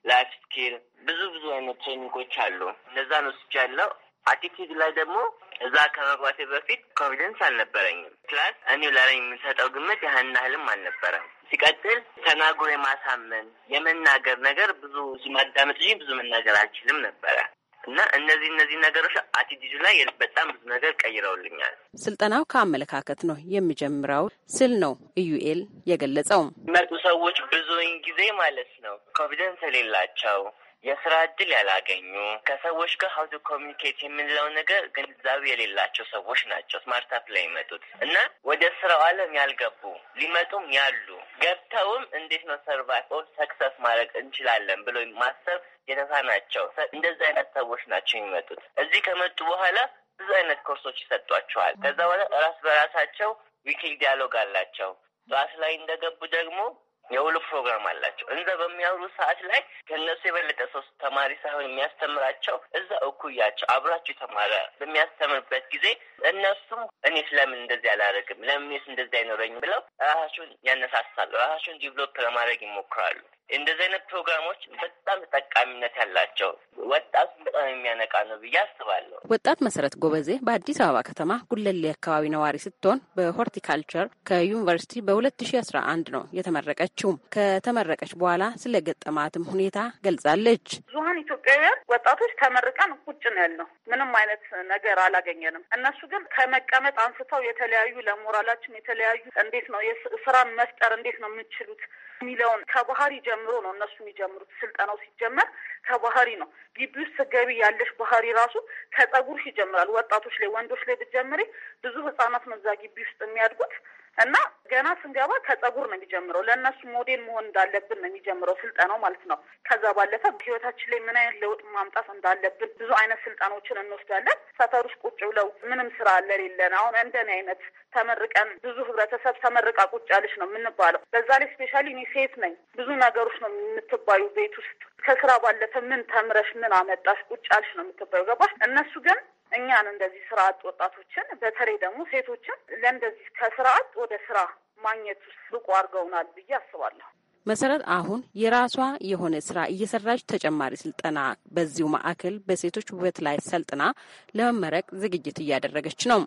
ላይፍ ስኪል ብዙ ብዙ አይነት ትሬኒንጎች አሉ። እነዛን ወስጃለሁ። አቲቲድ ላይ ደግሞ እዛ ከመግባቴ በፊት ኮንፊደንስ አልነበረኝም። ፕላስ እኔ ለራሴ የምንሰጠው ግምት ያህን ያህልም አልነበረም። ሲቀጥል ተናግሮ የማሳመን የመናገር ነገር ብዙ ማዳመጥ እንጂ ብዙ መናገር አልችልም ነበረ እና እነዚህ እነዚህ ነገሮች አቲቲጁ ላይ በጣም ብዙ ነገር ቀይረውልኛል። ስልጠናው ከአመለካከት ነው የሚጀምረው ስል ነው ኢዩኤል የገለጸው። መጡ ሰዎች ብዙውን ጊዜ ማለት ነው ኮንፊደንስ የሌላቸው የስራ እድል ያላገኙ ከሰዎች ጋር ሀው ቱ ኮሚኒኬት የምንለው ነገር ግንዛቤ የሌላቸው ሰዎች ናቸው ስማርታፕ ላይ ይመጡት እና ወደ ስራው አለም ያልገቡ ሊመጡም ያሉ ገብተውም እንዴት ነው ሰርቫይቭ ሰክሰስ ማድረግ እንችላለን ብሎ ማሰብ የተሳናቸው እንደዚህ አይነት ሰዎች ናቸው የሚመጡት። እዚህ ከመጡ በኋላ ብዙ አይነት ኮርሶች ይሰጧቸዋል። ከዛ በኋላ ራስ በራሳቸው ዊክሊ ዲያሎግ አላቸው። ጠዋት ላይ እንደገቡ ደግሞ የውሎ ፕሮግራም አላቸው። እዛ በሚያውሩ ሰዓት ላይ ከእነሱ የበለጠ ሰው ተማሪ ሳይሆን የሚያስተምራቸው እዛ እኩያቸው አብራቸው የተማረ በሚያስተምርበት ጊዜ እነሱም እኔስ ለምን እንደዚህ አላደርግም፣ ለምንስ እንደዚህ አይኖረኝም ብለው ራሳቸውን ያነሳሳሉ፣ ራሳቸውን ዲቨሎፕ ለማድረግ ይሞክራሉ። እንደዚህ አይነት ፕሮግራሞች በጣም ተጠቃሚነት ያላቸው ወጣቱን በጣም የሚያነቃ ነው ብዬ አስባለሁ። ወጣት መሰረት ጎበዜ በአዲስ አበባ ከተማ ጉለሌ አካባቢ ነዋሪ ስትሆን በሆርቲካልቸር ከዩኒቨርሲቲ በሁለት ሺ አስራ አንድ ነው የተመረቀች የገለጸችው ከተመረቀች በኋላ ስለገጠማትም ሁኔታ ገልጻለች። ብዙሀን ኢትዮጵያውያን ወጣቶች ተመርቀን ቁጭ ነው ያልነው፣ ምንም አይነት ነገር አላገኘንም። እነሱ ግን ከመቀመጥ አንስተው የተለያዩ ለሞራላችን የተለያዩ እንዴት ነው ስራ መፍጠር እንዴት ነው የምችሉት የሚለውን ከባህሪ ጀምሮ ነው እነሱ የሚጀምሩት። ስልጠናው ሲጀመር ከባህሪ ነው። ግቢ ውስጥ ገቢ ያለሽ ባህሪ ራሱ ከጸጉርሽ ይጀምራል። ወጣቶች ላይ ወንዶች ላይ ብትጀምሪ ብዙ ህጻናት መዛ ግቢ ውስጥ የሚያድጉት እና ገና ስንገባ ከጸጉር ነው የሚጀምረው። ለእነሱ ሞዴል መሆን እንዳለብን ነው የሚጀምረው ስልጠናው ማለት ነው። ከዛ ባለፈ ህይወታችን ላይ ምን አይነት ለውጥ ማምጣት እንዳለብን ብዙ አይነት ስልጠናዎችን እንወስዳለን። ሰፈር ውስጥ ቁጭ ብለው ምንም ስራ ለሌለን አሁን እንደኔ አይነት ተመርቀን ብዙ ህብረተሰብ ተመርቃ ቁጭ ያለች ነው የምንባለው። በዛ ላይ ስፔሻሊ እኔ ሴት ነኝ። ብዙ ነገሮች ነው የምትባዩ ቤት ውስጥ ከስራ ባለፈ ምን ተምረሽ ምን አመጣሽ ቁጭ ያለች ነው የምትባዩ ገባሽ። እነሱ ግን እኛን እንደዚህ ስራ አጥ ወጣቶችን በተለይ ደግሞ ሴቶችን ለእንደዚህ ከስራ አጥ ወደ ስራ ማግኘት ውስጥ ብቁ አድርገውናል ብዬ አስባለሁ። መሰረት አሁን የራሷ የሆነ ስራ እየሰራች ተጨማሪ ስልጠና በዚሁ ማዕከል በሴቶች ውበት ላይ ሰልጥና ለመመረቅ ዝግጅት እያደረገች ነው።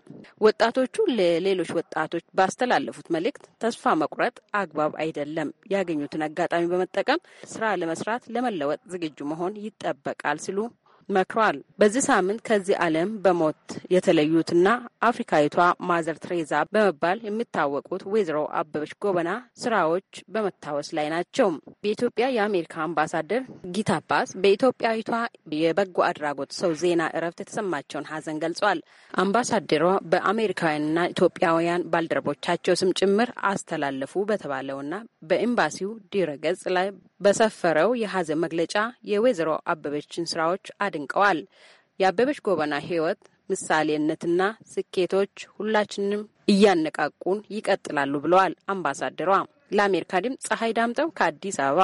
ወጣቶቹ ለሌሎች ወጣቶች ባስተላለፉት መልእክት ተስፋ መቁረጥ አግባብ አይደለም፣ ያገኙትን አጋጣሚ በመጠቀም ስራ ለመስራት ለመለወጥ ዝግጁ መሆን ይጠበቃል ሲሉ መክሯል። በዚህ ሳምንት ከዚህ ዓለም በሞት የተለዩትና አፍሪካዊቷ ማዘር ትሬዛ በመባል የሚታወቁት ወይዘሮ አበበች ጎበና ስራዎች በመታወስ ላይ ናቸው። በኢትዮጵያ የአሜሪካ አምባሳደር ጊታ ፓስ በኢትዮጵያዊቷ የበጎ አድራጎት ሰው ዜና እረፍት የተሰማቸውን ሀዘን ገልጿል። አምባሳደሯ በአሜሪካውያንና ኢትዮጵያውያን ባልደረቦቻቸው ስም ጭምር አስተላለፉ በተባለውና በኤምባሲው ድረ ገጽ ላይ በሰፈረው የሀዘን መግለጫ የወይዘሮ አበበችን ስራዎች አድንቀዋል። የአበበች ጎበና ህይወት ምሳሌነትና ስኬቶች ሁላችንም እያነቃቁን ይቀጥላሉ ብለዋል አምባሳደሯ። ለአሜሪካ ድምፅ ፀሐይ ዳምጠው ከአዲስ አበባ።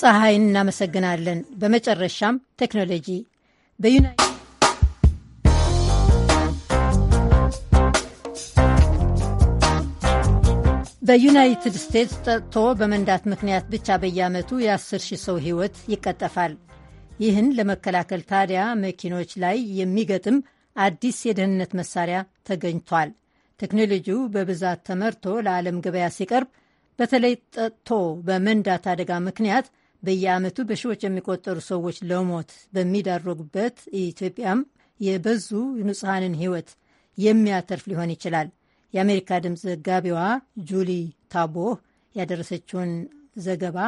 ፀሐይን እናመሰግናለን። በመጨረሻም ቴክኖሎጂ በዩናይት በዩናይትድ ስቴትስ ጠጥቶ በመንዳት ምክንያት ብቻ በየዓመቱ የ10 ሺህ ሰው ሕይወት ይቀጠፋል። ይህን ለመከላከል ታዲያ መኪኖች ላይ የሚገጥም አዲስ የደህንነት መሳሪያ ተገኝቷል። ቴክኖሎጂው በብዛት ተመርቶ ለዓለም ገበያ ሲቀርብ በተለይ ጠጥቶ በመንዳት አደጋ ምክንያት በየዓመቱ በሺዎች የሚቆጠሩ ሰዎች ለሞት በሚዳረጉበት ኢትዮጵያም የበዙ ንጹሐንን ሕይወት የሚያተርፍ ሊሆን ይችላል። የአሜሪካ ድምፅ ዘጋቢዋ ጁሊ ታቦ ያደረሰችውን ዘገባ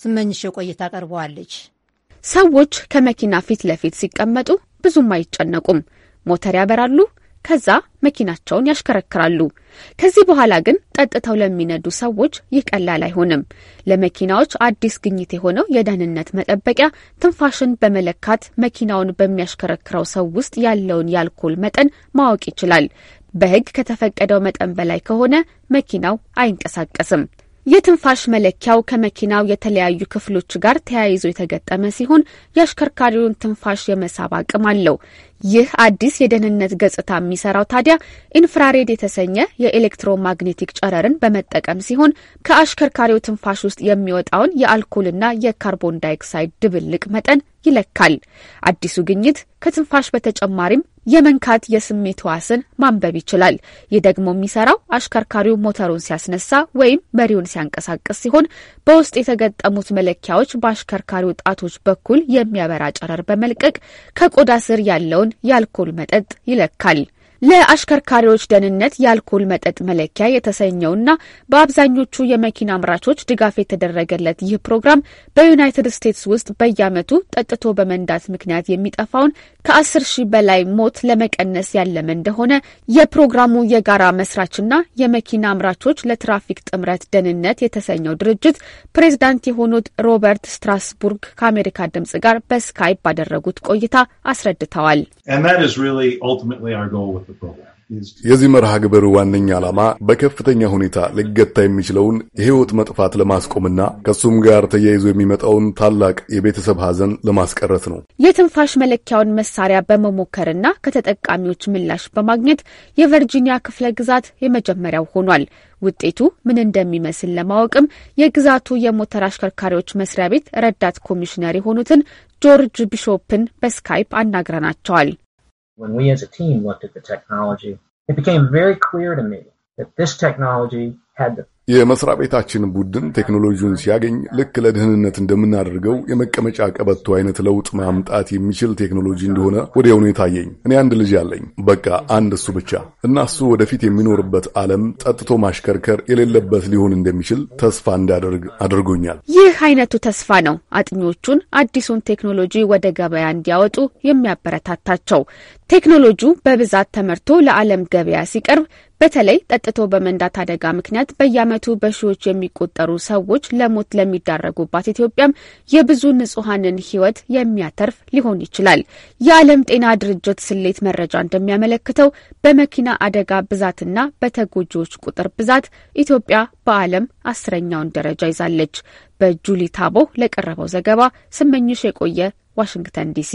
ስመኝሽ ቆይታ ቀርበዋለች። ሰዎች ከመኪና ፊት ለፊት ሲቀመጡ ብዙም አይጨነቁም። ሞተር ያበራሉ፣ ከዛ መኪናቸውን ያሽከረክራሉ። ከዚህ በኋላ ግን ጠጥተው ለሚነዱ ሰዎች ይህ ቀላል አይሆንም። ለመኪናዎች አዲስ ግኝት የሆነው የደህንነት መጠበቂያ ትንፋሽን በመለካት መኪናውን በሚያሽከረክረው ሰው ውስጥ ያለውን የአልኮል መጠን ማወቅ ይችላል። በሕግ ከተፈቀደው መጠን በላይ ከሆነ መኪናው አይንቀሳቀስም። የትንፋሽ መለኪያው ከመኪናው የተለያዩ ክፍሎች ጋር ተያይዞ የተገጠመ ሲሆን የአሽከርካሪውን ትንፋሽ የመሳብ አቅም አለው። ይህ አዲስ የደህንነት ገጽታ የሚሰራው ታዲያ ኢንፍራሬድ የተሰኘ የኤሌክትሮማግኔቲክ ጨረርን በመጠቀም ሲሆን ከአሽከርካሪው ትንፋሽ ውስጥ የሚወጣውን የአልኮልና የካርቦን ዳይኦክሳይድ ድብልቅ መጠን ይለካል። አዲሱ ግኝት ከትንፋሽ በተጨማሪም የመንካት የስሜት ህዋስን ማንበብ ይችላል። ይህ ደግሞ የሚሰራው አሽከርካሪው ሞተሩን ሲያስነሳ ወይም መሪውን ሲያንቀሳቅስ ሲሆን በውስጥ የተገጠሙት መለኪያዎች በአሽከርካሪው ጣቶች በኩል የሚያበራ ጨረር በመልቀቅ ከቆዳ ስር ያለውን የአልኮል መጠጥ ይለካል። ለአሽከርካሪዎች ደህንነት የአልኮል መጠጥ መለኪያ የተሰኘውና በአብዛኞቹ የመኪና አምራቾች ድጋፍ የተደረገለት ይህ ፕሮግራም በዩናይትድ ስቴትስ ውስጥ በየዓመቱ ጠጥቶ በመንዳት ምክንያት የሚጠፋውን ከአስር ሺህ በላይ ሞት ለመቀነስ ያለመ እንደሆነ የፕሮግራሙ የጋራ መስራችና የመኪና አምራቾች ለትራፊክ ጥምረት ደህንነት የተሰኘው ድርጅት ፕሬዝዳንት የሆኑት ሮበርት ስትራስቡርግ ከአሜሪካ ድምጽ ጋር በስካይፕ ባደረጉት ቆይታ አስረድተዋል። የዚህ መርሃ ግብር ዋነኛ ዓላማ በከፍተኛ ሁኔታ ሊገታ የሚችለውን የህይወት መጥፋት ለማስቆምና ከሱም ጋር ተያይዞ የሚመጣውን ታላቅ የቤተሰብ ሐዘን ለማስቀረት ነው። የትንፋሽ መለኪያውን መሳሪያ በመሞከርና ከተጠቃሚዎች ምላሽ በማግኘት የቨርጂኒያ ክፍለ ግዛት የመጀመሪያው ሆኗል። ውጤቱ ምን እንደሚመስል ለማወቅም የግዛቱ የሞተር አሽከርካሪዎች መስሪያ ቤት ረዳት ኮሚሽነር የሆኑትን ጆርጅ ቢሾፕን በስካይፕ አናግረናቸዋል። when we as a team looked at the technology, it became very clear to me that this technology had the የመስሪያ ቤታችን ቡድን ቴክኖሎጂውን ሲያገኝ ልክ ለደህንነት እንደምናደርገው የመቀመጫ ቀበቶ አይነት ለውጥ ማምጣት የሚችል ቴክኖሎጂ እንደሆነ ወዲያውኑ የታየኝ። እኔ አንድ ልጅ አለኝ፣ በቃ አንድ እሱ ብቻ እና እሱ ወደፊት የሚኖርበት ዓለም ጠጥቶ ማሽከርከር የሌለበት ሊሆን እንደሚችል ተስፋ እንዳደርግ አድርጎኛል። ይህ አይነቱ ተስፋ ነው አጥኚዎቹን አዲሱን ቴክኖሎጂ ወደ ገበያ እንዲያወጡ የሚያበረታታቸው። ቴክኖሎጂው በብዛት ተመርቶ ለዓለም ገበያ ሲቀርብ በተለይ ጠጥቶ በመንዳት አደጋ ምክንያት በየዓመቱ በሺዎች የሚቆጠሩ ሰዎች ለሞት ለሚዳረጉባት ኢትዮጵያም የብዙ ንጹሐንን ሕይወት የሚያተርፍ ሊሆን ይችላል። የዓለም ጤና ድርጅት ስሌት መረጃ እንደሚያመለክተው በመኪና አደጋ ብዛትና በተጎጂዎች ቁጥር ብዛት ኢትዮጵያ በዓለም አስረኛውን ደረጃ ይዛለች። በጁሊ ታቦ ለቀረበው ዘገባ ስመኝሽ የቆየ ዋሽንግተን ዲሲ